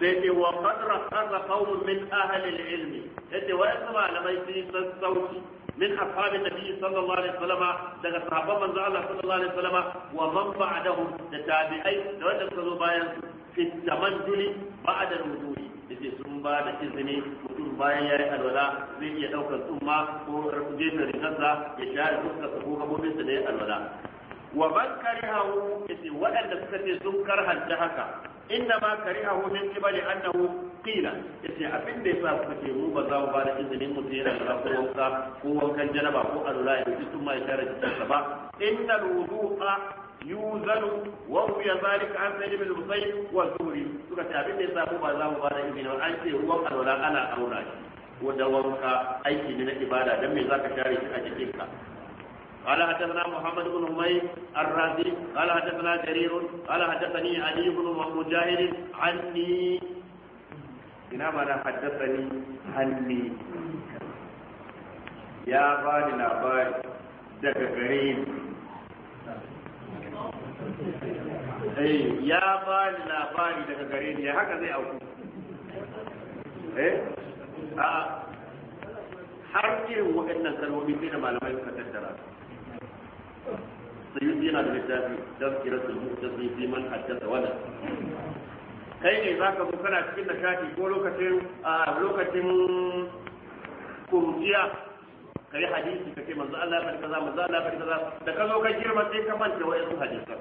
sai ce wa qad rakhara qawmun min ahli al-ilm yace wa yasma malamai fi sassauci من daga النبي صلى الله عليه وسلم دغ wa من الله صلى الله da وسلم ومن بعدهم تتابعي لو تسلوا في التمنجل بعد الوجود yace sun ba da izini mutum bayan yi alwala zai iya daukar tsumma ko jefa rigarsa ya share su ko gabobinsa da ya alwala wa man karihahu yace waɗanda suka ce sun karhanta haka inda ma karihahu min qibali annahu qila yace abin da yasa suka ce mu ba za mu ba da izinin mu yana da ko wanka ko wankan janaba ko alwala ya ci tun ma ya share ta ba innal wudu'a يوزن وروي ذلك عن سيد بن الحسين والزهري suka ce abin da ya samu ba za mu ba da izini ba an ce ruwan alwala ana aura shi wanda wanka aiki ne na ibada dan me zaka share shi a cikin ka قال حدثنا محمد بن هميد الرازي قال حدثنا جرير قال حدثني علي بن مجاهد عني إنما أنا حدثني عني يا غالي لا daga gare Eh, ya ba ni labari daga gare ni haka zai auku eh a har irin waɗannan kalmomi sai da malamai suka tattara sai yi yana da littafi don kira su da su yi man haddasa wannan kai ne za ka zo kana cikin nishadi ko lokacin a lokacin kai hadisi ka ce manzo Allah ya faɗi kaza manzo Allah ya faɗi kaza da ka zo ka girma sai ka manta wa'ansu hadisi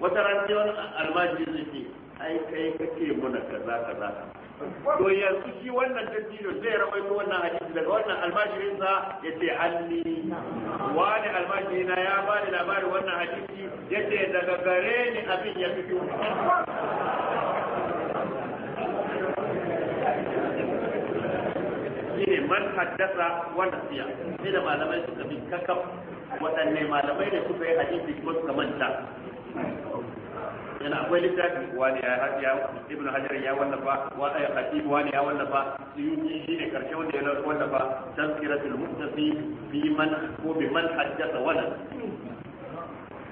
wata ran sai wani almajiri zai ce ai kai kake muna kaza kaza to yanzu shi wannan dattijo zai rawaito wannan hadisi daga wannan sa ya ce anni wani na ya ba ni labarin wannan hadisi ya ce daga gare ni abin ya fito shine man haddasa wa nasiya sai da malamai suka bi kakaf waɗanne malamai ne suka yi hadisi ko suka manta yana akwai littafi wani ya ya ibnu hajar ya wallafa wa ay eh, khatib wani ya wallafa suyuti shine karshe wanda ya wallafa tazkiratul muttasi fi man ko bi man haddasa wa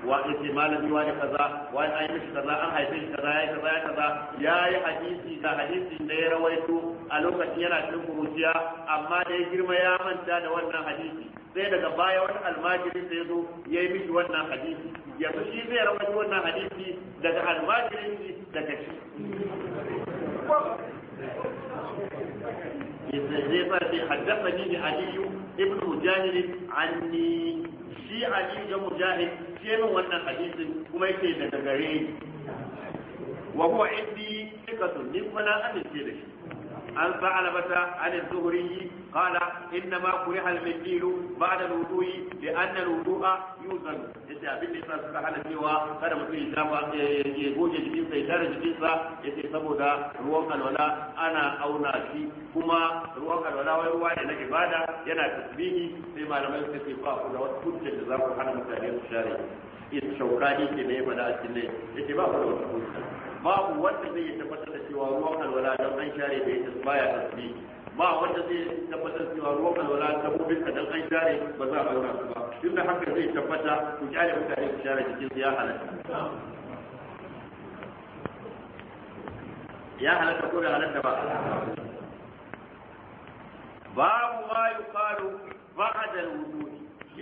wa yace malami wani kaza wani yi mishi kaza an haife shi kaza yayi kaza kaza yayi hadisi da hadisi da ya rawaito a lokacin yana cikin kuruciya amma da ya girma ya manta da wannan hadisi sai daga baya wani almajiri sai zo ya yi mishi wannan hadisi yanzu shi zai rawaito wannan hadisi daga almajirin shi daga shi zai farfi haddasa ni aliyu ibn mujahid anni shi aliyu da mujahid shi min wannan hadisin kuma yake daga gare ni wa huwa indi sikatun ni na amince da shi An عن ثعلبة عن الزهري قال إنما كره المنديل بعد الوضوء لأن الوضوء يوزن yace abin da yasa suka hana cewa kada mutum ya shafa ya goge jikinsa ya tare jikinsa yace saboda ruwan alwala ana auna shi kuma ruwan alwala wai ruwa ne na ibada yana tasbihi sai malamai suka ce ba ku da wata hujja da za ku hana mutane su share ya shaukani ke ne ya faɗa a cikin ne yace ba ku da wata hujja babu wanda zai tabbatar da cewa ruwan alwala don an share da yake ya tasbi ba wanda zai tabbatar cewa ruwan alwala dabbobin ka dan an share ba za a aura su ba tunda haka zai tabbata ku kyale mutane su share jikin ya halatta ya halatta ko da halatta ba babu ma yi a ba'da al-wudu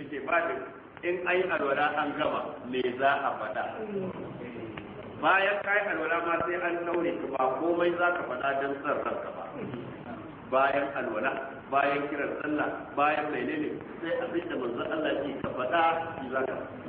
ce ba in yi alwala an gama me za a faɗa bayan kai alwala ma sai an daure ka ba komai za ka faɗa don san ranka ba bayan alwala bayan kiran sallah bayan menene sai abin da manzon Allah ke ka faɗa shi za ka faɗa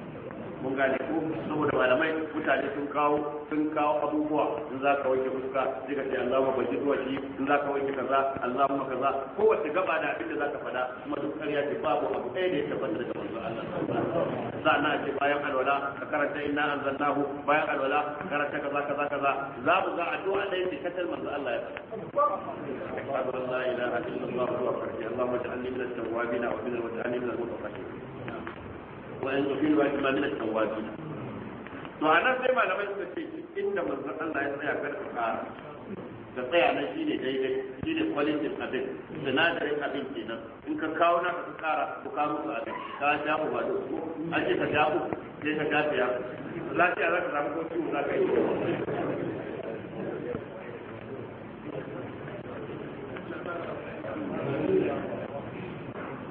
mun gane ko saboda malamai mutane sun kawo sun kawo abubuwa in za ka wanke fuska sai ka ce Allahumma zuwa shi in za ka wanke kaza Allahumma kaza wace gaba da abin da za ka faɗa kuma duk ƙarya ce babu abu ɗaya da ya tabbata daga manzo Allah za a ce bayan alwala ka karanta inna anzalnahu bayan alwala ka karanta kaza kaza kaza za mu ga addu'a ɗaya ce katal manzo Allah ya faɗa. أشهد أن لا إله إلا الله وحده اللهم اجعلني من التوابين ومن المتعلمين المتقين وأن يحيل واجبا من التوابين ma'ana sai malamai suka ce inda manzon Allah ya tsaya kar ka tsaya nan shine daidai shine quality abin sinadarin abin kenan in ka kawo na ka kara ku ka musu abin ka ja ku ba da su an ce ka ja ku sai ka gafiya lafiya za ka samu ko ciwo za ka yi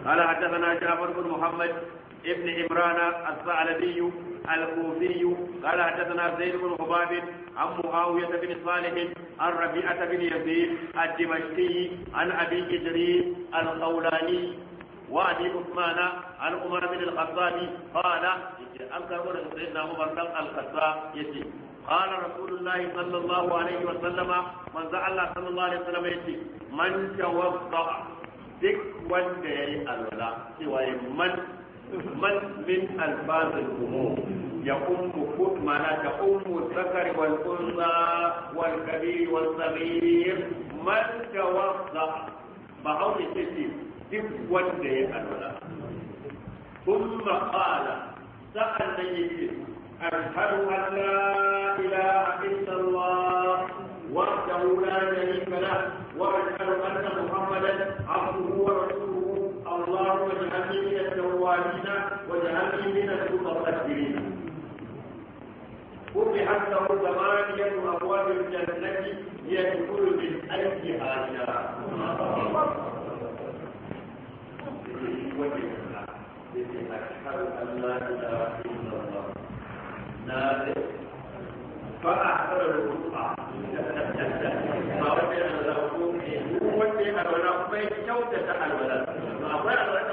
قال حدثنا جعفر بن محمد ابن عمران الثعلبي الكوفي قال حدثنا زيد بن خباب عن معاوية بن صالح عن ربيعة بن يزيد الدمشقي عن أبي إدريس الخولاني وأبي عثمان عن عمر بن الخطاب قال أنكر سيدنا عمر بن الخطاب يسير قال رسول الله صلى الله عليه وسلم من زعل صلى الله عليه وسلم يتي من توضأ duk wanda ya yi alwala cewa man من من ألفاظ الأمور يقوم كل معناه تقوم الذكر والأنثى والكبير والصغير من توضأ بعض الشيء duk wanda ثم قال سأل نيجي أشهد أن لا إله إلا الله وحده لا شريك له وأشهد أن محمدا عبده ورسوله اللهم اجعلني من الضالين واجعلني من المتطهرين فتحت له ثمانية أبواب الجنة يدخل من أيها شاء فأحضر أشهد أن لا إله إلا الله نادر الوقوع فرجع له قوته ولقيت الولد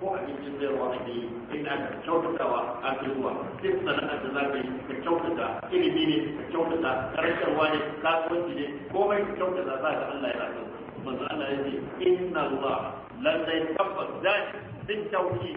ko abincin zaiwa ake yi in aka kyautatawa a zuwa duk sana'ar da za ka yi ka kyautata ilimi ne ka kyautata karantarwa ne kasuwanci ne komai ka kyautata za ka Allah ya rasu manzo Allah ya ce inna Allah lallai tabbas da din tauki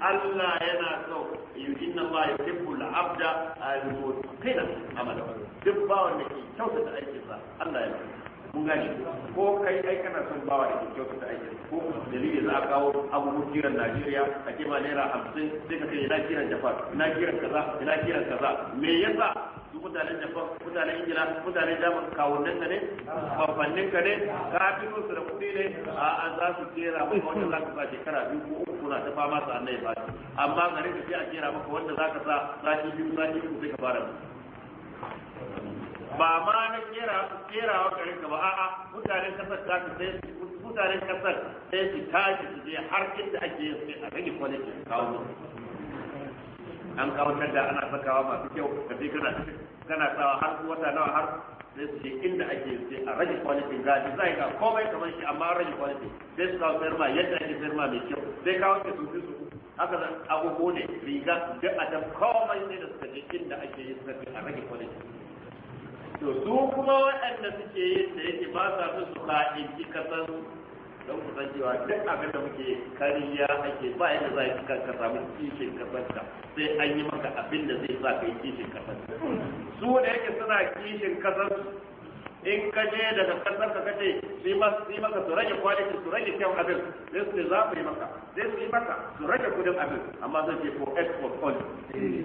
Allah yana so inna Allah yuhibbu al-abda al-mutina amala duk bawon da ke kyautata aikinsa Allah ya rasu mun gane ko kai ai kana son bawa da kyautar ta aiki ko dalili za a kawo abubuwan kiran Najeriya a ce ma naira hamsin sai ka kai ina kiran Japan ina kiran kaza ina kiran kaza me yasa su mutanen Japan mutanen Ingila mutanen Jamus kawunan ka ne babbannin ka ne kafin su da kuɗi ne a an za su kera maka wanda za ka sa shekara biyu ko uku kuna ta fama su annai ba amma gare ka sai a kera maka wanda za ka sa sati biyu sati uku sai ka fara ba ma na kera wa garin ka ba a'a mutanen kasar ta ka sai mutanen kasar sai su tashi su je har inda ake yin sai a rage kwalitin kawo an kawo da ana sakawa masu kyau ka fi kana kana sawa har wata nawa har sai su je inda ake yin sai a rage ga shi za ga komai kamar shi amma rage kwalitin sai su kawo sayar ma yadda ake sayar ma mai kyau sai kawo ke su su haka zan agogo ne riga duk a da komai sai da suka je inda ake yin sai a rage kwalitin to su kuma waɗanda suke yin da yake ba sa su su ka'inci kasan don ku san cewa duk abin da muke kariya ake ba yadda za yi ka samu kishin ka sai an yi maka abin da zai sa ka yi kishin ka su da yake suna kishin kasar in ka je daga kasar ka kace su yi maka su rage kwalitin su rage kyau abin sai su za su yi maka sai su yi maka su rage kudin abin amma zai ce for export only eh.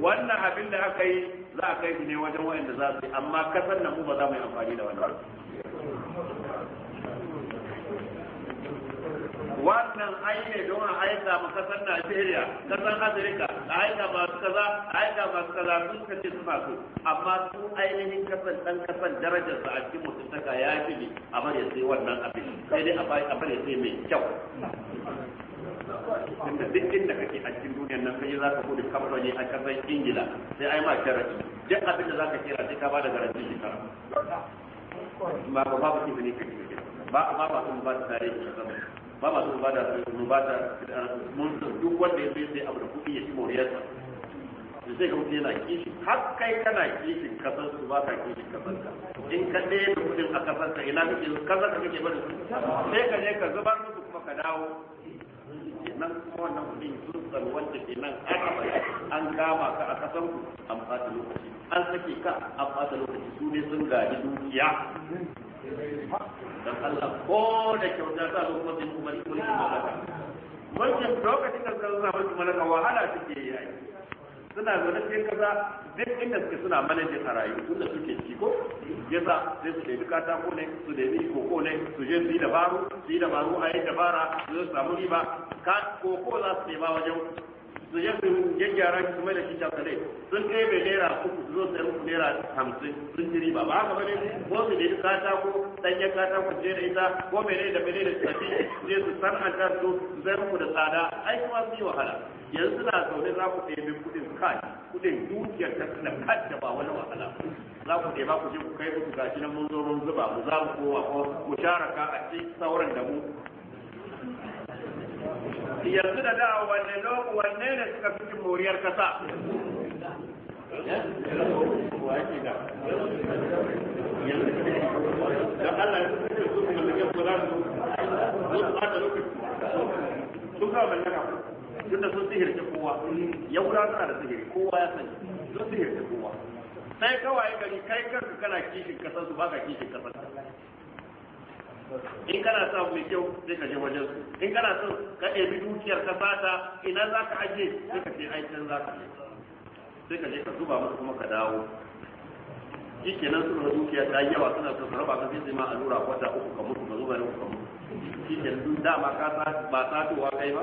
wannan abin da aka yi za a kai su ne wajen wayanda za su yi amma kasar nan mu ba za mu yi amfani da wannan wannan ai ne don a aika ma kasar Najeriya kasar Afirka a aika su kaza a aika masu kaza sun kace su suna amma su ainihin kasar dan kasar darajar sa a cikin mutuntaka ya fi ne a bari sai wannan abin sai dai a bari sai mai kyau tunda duk inda kake a cikin duniyar nan kai za ka gudu kamar ne a kasar ingila sai ai ma sharafi duk abin da za ka kira sai ka ba da garanti shekara ba ba ba ki ne kake ba ba ba sun ba da tare da sama ba ba sun ba da sun ba da mun duk wanda ya sai abu da kuɗi ya ci moriyarsa da sai ka yana kishi har kai kana kishin kasar su ba ka kishin kasar ka in ka ɗaya da kuɗin a kasar ka ina kake kasar ka kake bari sai ka je ka zubar musu kuma ka dawo nan kuma wannan kudin sun wanda ke nan an kama ka a kasan ku an fata lokaci an sake ka a fata lokaci su ne sun gaji dukiya dan Allah ko da kyauta ta zo kuma sai kuma ni mulkin malaka wannan lokacin da zan zama mulkin malaka wahala take yi suna zaune cikin kasa duk inda suke suna manajin a rayu tun da suke ciki ko yasa sai su ɗebi katako ne su ɗebi koko ne su je su yi dabaru su yi dabaru a yi dabara su samu riba koko za su nema wajen su yi su gyaggyara su mai da shi cakale sun bai naira uku su zo sai muku naira hamsin sun jiri ba. ba haka bane ko su nemi katako ɗanyen ku je da ita ko mene da mene da tafi je su san an ta su zai muku da tsada ai kuma su yi wahala yanzu na zaune za ku ɗebe kuɗin kai kuɗin dukiyar ta da kanta ba wani wahala za ku ɗeba ku je ku kai muku gashi nan mun zo mun zuba mu za mu kowa ko mu sharaka a cikin sauran da mu yanzu da da wanne loku wanne ne suka fi cin moriyar kasa da Allah ya fi su su mallakar su za su su ba da lokaci sun kawo mallaka tun da sun sihirce kowa ya kula suna da sihiri kowa ya sani sun sihirce kowa sai kawai gari kai kanka kana kishin kasar su ka kishin kasar in kana sa mai kyau sai ka je wajen su in kana son ka ɗebi dukiyar ka bata ina za ka aje sai ka je aikin za ka je sai ka je ka zuba musu kuma ka dawo shi kenan su da dukiya ta yi yawa suna son su raba ka zai ma lura kwata uku ka mutu ka zuba ne uku ka mutu shi kenan dama ka ba satowa kai ba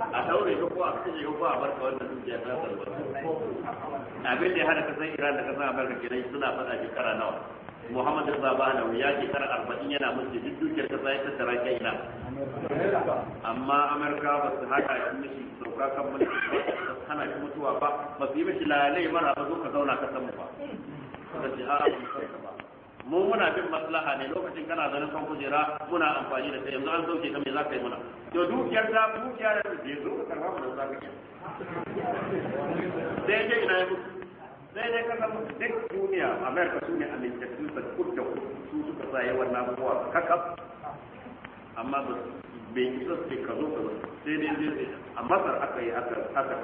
a daure ka ko a kashe ka ko a barka wannan dukiya ta abin da ya hada kasan Iran da ka kasan Amurka kenan suna faɗa shekara nawa Muhammad Zabana ya shekara arba'in yana musu duk dukiyar kasa ya tattara ka ina amma Amurka ba su haka shi mishi sauka kan mulki ba su hana shi mutuwa ba ba su yi mishi lalai mara ba zo ka zauna kasan mu ba. Suka ce a'a mu muna bin maslaha ne lokacin kana zanen kan kujera muna amfani da kai yanzu an sauke ka mai za ka yi mana to dukiyar da dukiyar da bai zo ka karba mu da za ka yi sai dai ina yi sai dai ka samu duk duniya America su ne amintattu da kudda su suka sa yawan kowa kaka amma ba bai isa sai ka zo ka sai dai zai a masar aka yi aka aka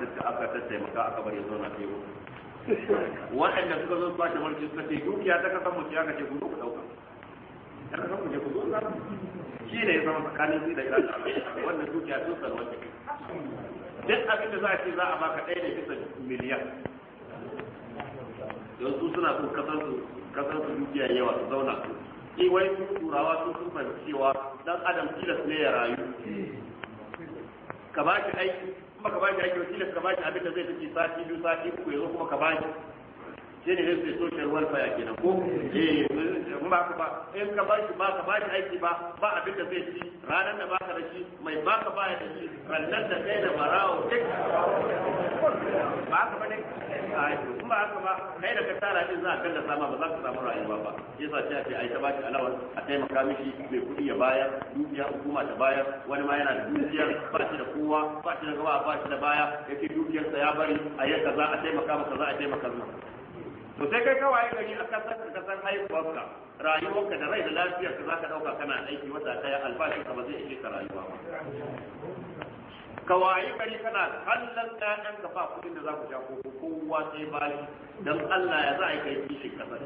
tattaimaka aka bari na kai waɗanda suka zo ba mulki suka ce dukiya ta kasan mu aka kace ku zo ku dauka ta kasan mu ce ku zo za shi ne ya zama tsakanin zai da ila da wannan dukiya sun san wanda duk abin da za a ce za a baka ɗaya ne bisa miliyan don su suna so kasan su kasar su dukiya yawa su zauna su shi wai su turawa sun sun fahimci cewa dan adam tilas ne ya rayu ka ba shi aiki kuma ka shi ake wakilin ka ba shi abin da zai fice sati biyu sati uku ya zo kuma ka ba shi ne zai social welfare kenan ko eh in ba ka ba in ka bashi ba ka bashi aiki ba ba abin da zai ci ranar da baka da shi mai baka baya da shi rannan da kai da barawo duk ba ka bane in ba haka ba kai da ka tara din za a kalla sama ba za ka samu rayuwa ba yasa sai a ce ai ta bashi alawar a taimaka mishi mai kuɗi ya bayar dukiya hukuma ta bayar wani ma yana da dukiyar ba shi da kowa ba shi da gaba ba shi da baya yake dukiyarsa ya bari a yi kaza a taimaka maka za a taimaka maka to sai kai kawai gari a kasar ka kasar haihuwarka rayuwarka da rai da lafiyar ka zaka dauka kana aiki wata kaya albashin ka ba zai ishe ka rayuwa ba kawai gari kana kallon ɗayan ka ba kuɗin da za ku sha ko kowa sai bali dan Allah ya za a yi kai kishin kasar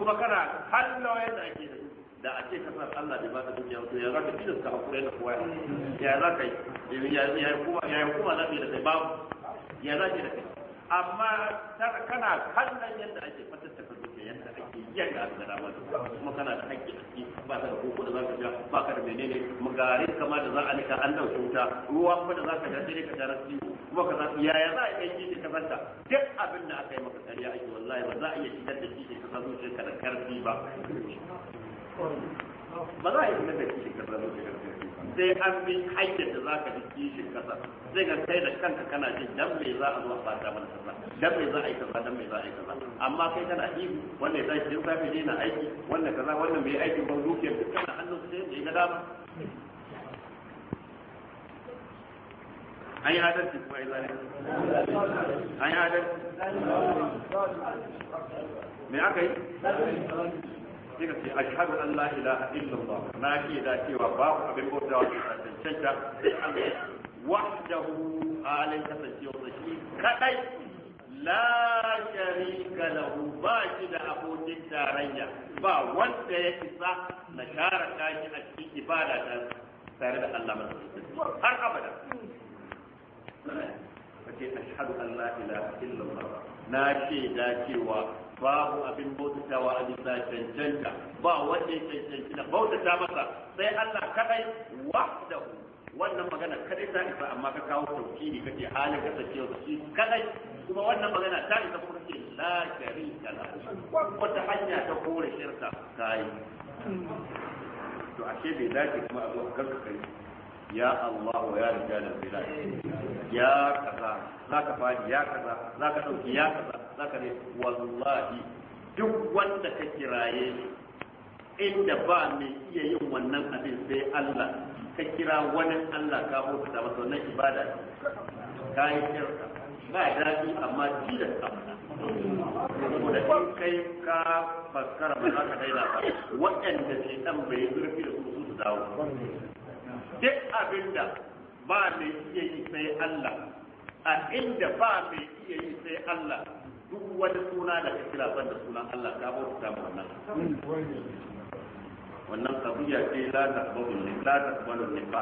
kuma kana kallon yadda ake da da a ce kasar Allah bai ka duniya to ya zaka kidan ka hakuri da kowa ya ka yi ya ya kuma ya kuma lafiya da kai babu ya zaka da kai amma kana kallon yadda ake fatattaka dukiya yadda ake yadda aka gada ba kuma kana da hakki a ciki ba ka da koko da za ka ja ba ka da menene mugare kama da za a nika an dauke wuta ruwa kuma da za ka ja sai ka ja rasu kuma ka san yaya za a yi yi ka fanta duk abin da aka yi maka kariya ake wallahi ba za a iya shigar da shi ka san ka da karfi ba ba za a iya shigar da shi ka san ka da karfi sai an bi hanyar da za ka bi kishin kasa sai ga kai da kanka kana jin dan me za a zo a fata mana kasa dan me za a yi kasa dan me za a yi kasa amma kai kana ihu wannan ya tashi ka ne na aiki wannan kaza wannan bai aiki ba dukiyar duk kana hannun sai da ga dama an yi adalci kuma ya zane an yi adalci me aka yi sai ce ashhadu an la ilaha illallah na ke da cewa babu abin bautawa da cancanta sai Allah wahdahu halin kasancewa shi kadai la sharika lahu ba shi da abokin tarayya ba wanda ya isa na share kashi a cikin ibada ta tare da Allah madaukakin har abada ashhadu an la ilaha illallah na cewa babu abin bautawa a bisa cancanta ba wanda ya cancanci da bautata masa sai Allah kadai wahda wannan magana kadai ta isa amma ka kawo tauhidi kake halin kasancewa shi kadai kuma wannan magana ta isa kuma kake la sharika la wata hanya ta kore shirka kai to ashe bai dace kuma a zo kanka kai ya Allah wa ya rika da bila ya kaza za ka fadi ya kaza za ka ɗauki ya kaza za ka ne wallahi duk wanda ka kiraye inda ba mai iya yin wannan abin sai Allah ka kira wani Allah ka bauta masa wannan ibada ka yi shirka ba daɗi amma ji da samu saboda in kai ka faskara ba za ka daina ba waɗanda shi ɗan bai zurfi da su su dawo duk abinda ba mai iya yi sai Allah a inda ba mai iya yi sai Allah duk wani suna da ka kira ban da sunan Allah ka bauta ta wannan wannan kabiya ce la ta babu ne la ta babu ne ba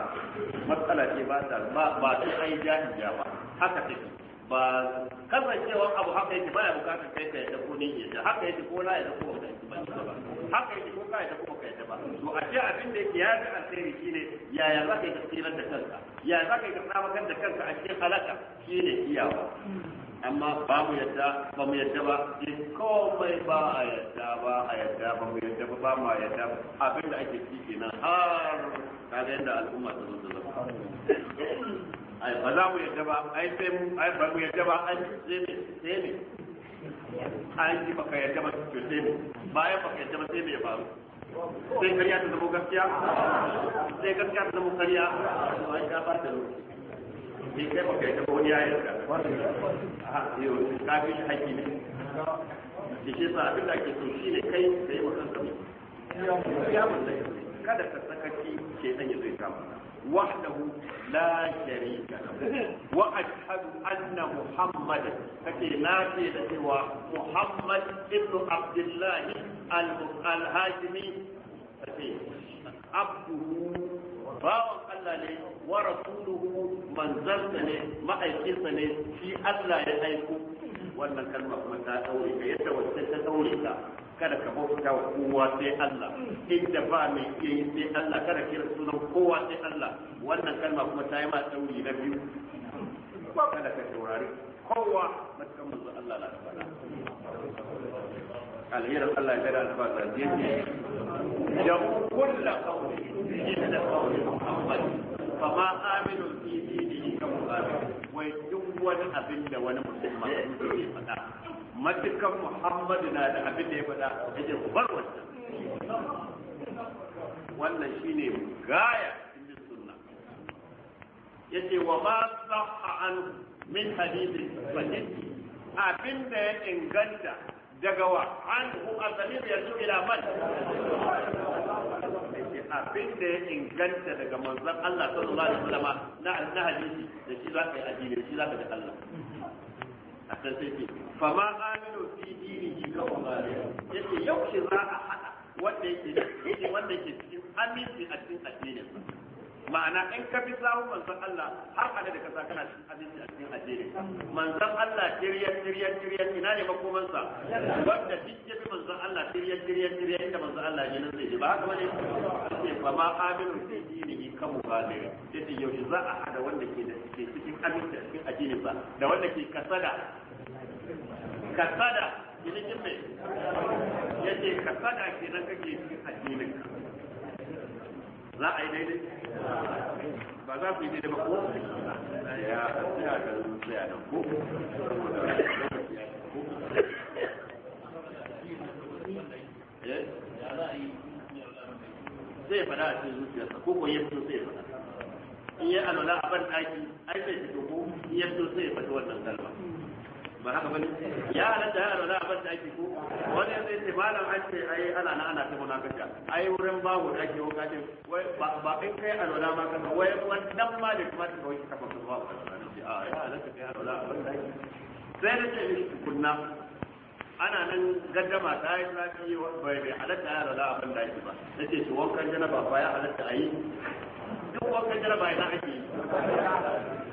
matsala ce ba ta ba ba ta ai ja ba haka ce. ba kasancewa abu haka yake baya bukatar kai ka yadda ko ne ta, haka yake ko la da ko ba yadda ba haka yake ko ka yadda ko ka yadda ba to a ce abin da yake ya ga alheri shine yaya za ka yi tafsirar da kanka yaya za ka yi tsamakar da kanka a cikin halaka shi ne iyawa amma ba mu yadda ba mu yadda ba in komai ba a yadda ba a yadda ba mu yadda ba ba mu yadda ba abin da ake ci nan har kaga yadda al'umma ta zo ta zama ai ba za mu yadda ba ai sai mu ai ba mu yadda ba ai sai ne sai ne ai ba ka yadda ba to sai ne bayan ka yadda ba sai me ya faru sai kariya ta zama gaskiya sai gaskiya ta zama kariya ba ya da lokaci kai ba kai wani yayin ka a yau ka fi haƙi ne da shi sa abin da ake so shi ne kai da yi wa kanka mai kada ka sakaci ke dan ya zai samu وحده لا شريك له واشهد ان محمدا فكلمات سوى محمد ابن عبد الله الهاشمي عبده bawan Allah ne wa rasuluhu manzansa ne ma'aikinsa ne shi Allah ya aiko wannan kalma kuma ta daure ka yadda kada ka bauta wa kowa sai Allah inda ba mai iya yi sai Allah kada kira sunan kowa sai Allah wannan kalma kuma ta yi ma tsauri na biyu kada ka taurari, kowa matakan manzo Allah na fara alherin Allah ya da albarka yake da kullu qawli inna qawli muhammad fama aminu fi dinihi ka mu'min wai duk wani abin da wani musulman yake faɗa matukan muhammadu na da abin da ya faɗa a cikin bar wannan wannan shine gaya cikin sunna ce wa ma a an min hadithi sahih abin da ya inganta daga wa an hu ya yanzu ila man abin da ya inganta daga manzon Allah sallallahu alaihi wasallam na hadisi da shi za ka yi addini da shi za ka ga Allah sai fa ma fi ka za a hada wanda yake wanda yake cikin aminci a cikin ma'ana in ka bi sawun manzon Allah har hada da kasa kana cikin abinci a cikin addini manzon Allah tiryan tiryan tiryan ina ne makoman sa wanda duk ya bi manzon Allah tiryan tiryan tiryan inda manzon Allah ya nan zai ji ba haka bane sai fa ma aminu fi dinihi ka ya ce yau za a hada wanda ke da cikin abinci a cikin addini ba da wanda ke kasada kasada kini mai ya ce kasada ke nan kake cikin addinin za a yi daidai ba za ku yi daidai ba ko ya tsaya da tsaya da ko eh? zai fada a cikin zuciyarsa ko ko ya fito ya fada in ya alwala a ban ɗaki ai sai fito ko ya zai fada wannan kalma ba haka bane ya halatta ya a ake ko wani zai ce malam an ce ai ana na ana ta ai wurin babu da ake wuka ce ba in kai ma wai wannan ma da kuma ta kawai ka fasa ba a ya halatta ya ba ake sai da ce ana nan gaddama ta yi zafi bai bai halatta ya ake ba na ce wankan ba ya halatta a yi duk wankan ba ya ake yi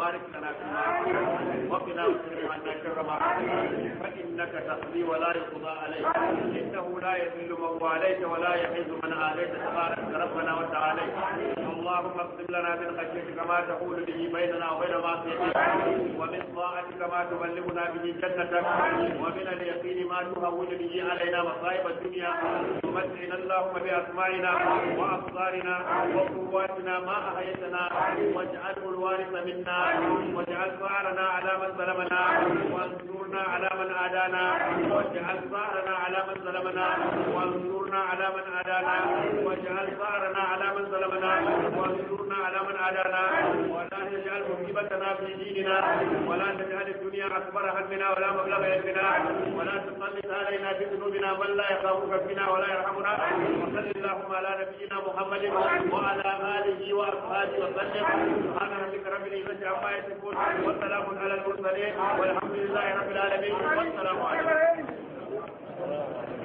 وبارك لنا فيما وقنا واصرف عنا شر ما فانك تقضي ولا يقضى عليك انه لا يذل من واليت ولا يحز من اليت تبارك ربنا وتعالى اللهم اقسم لنا من خشيتك ما تحول به بيننا وبين معصيتك ومن طاعتك ما تبلغنا به جنتك ومن اليقين ما تهون به علينا مصائب الدنيا ومتعنا اللهم باسماعنا وابصارنا وقواتنا ما احيتنا واجعله الوارث منا واجعل ثارنا على من ظلمنا وانصرنا على من عادانا واجعل ثارنا على من ظلمنا وانصرنا على من عادانا واجعل ثارنا على من ظلمنا وانصرنا على من عادانا ولا تجعل مصيبتنا في ديننا ولا تجعل الدنيا اكبر همنا ولا مبلغ علمنا ولا تسلط علينا بذنوبنا من لا يخافك فينا ولا يرحمنا وصل اللهم على نبينا محمد وعلى اله واصحابه وسلم سبحان ربك رب العزه عما يصفون وسلام على المرسلين والحمد لله رب العالمين والسلام عليكم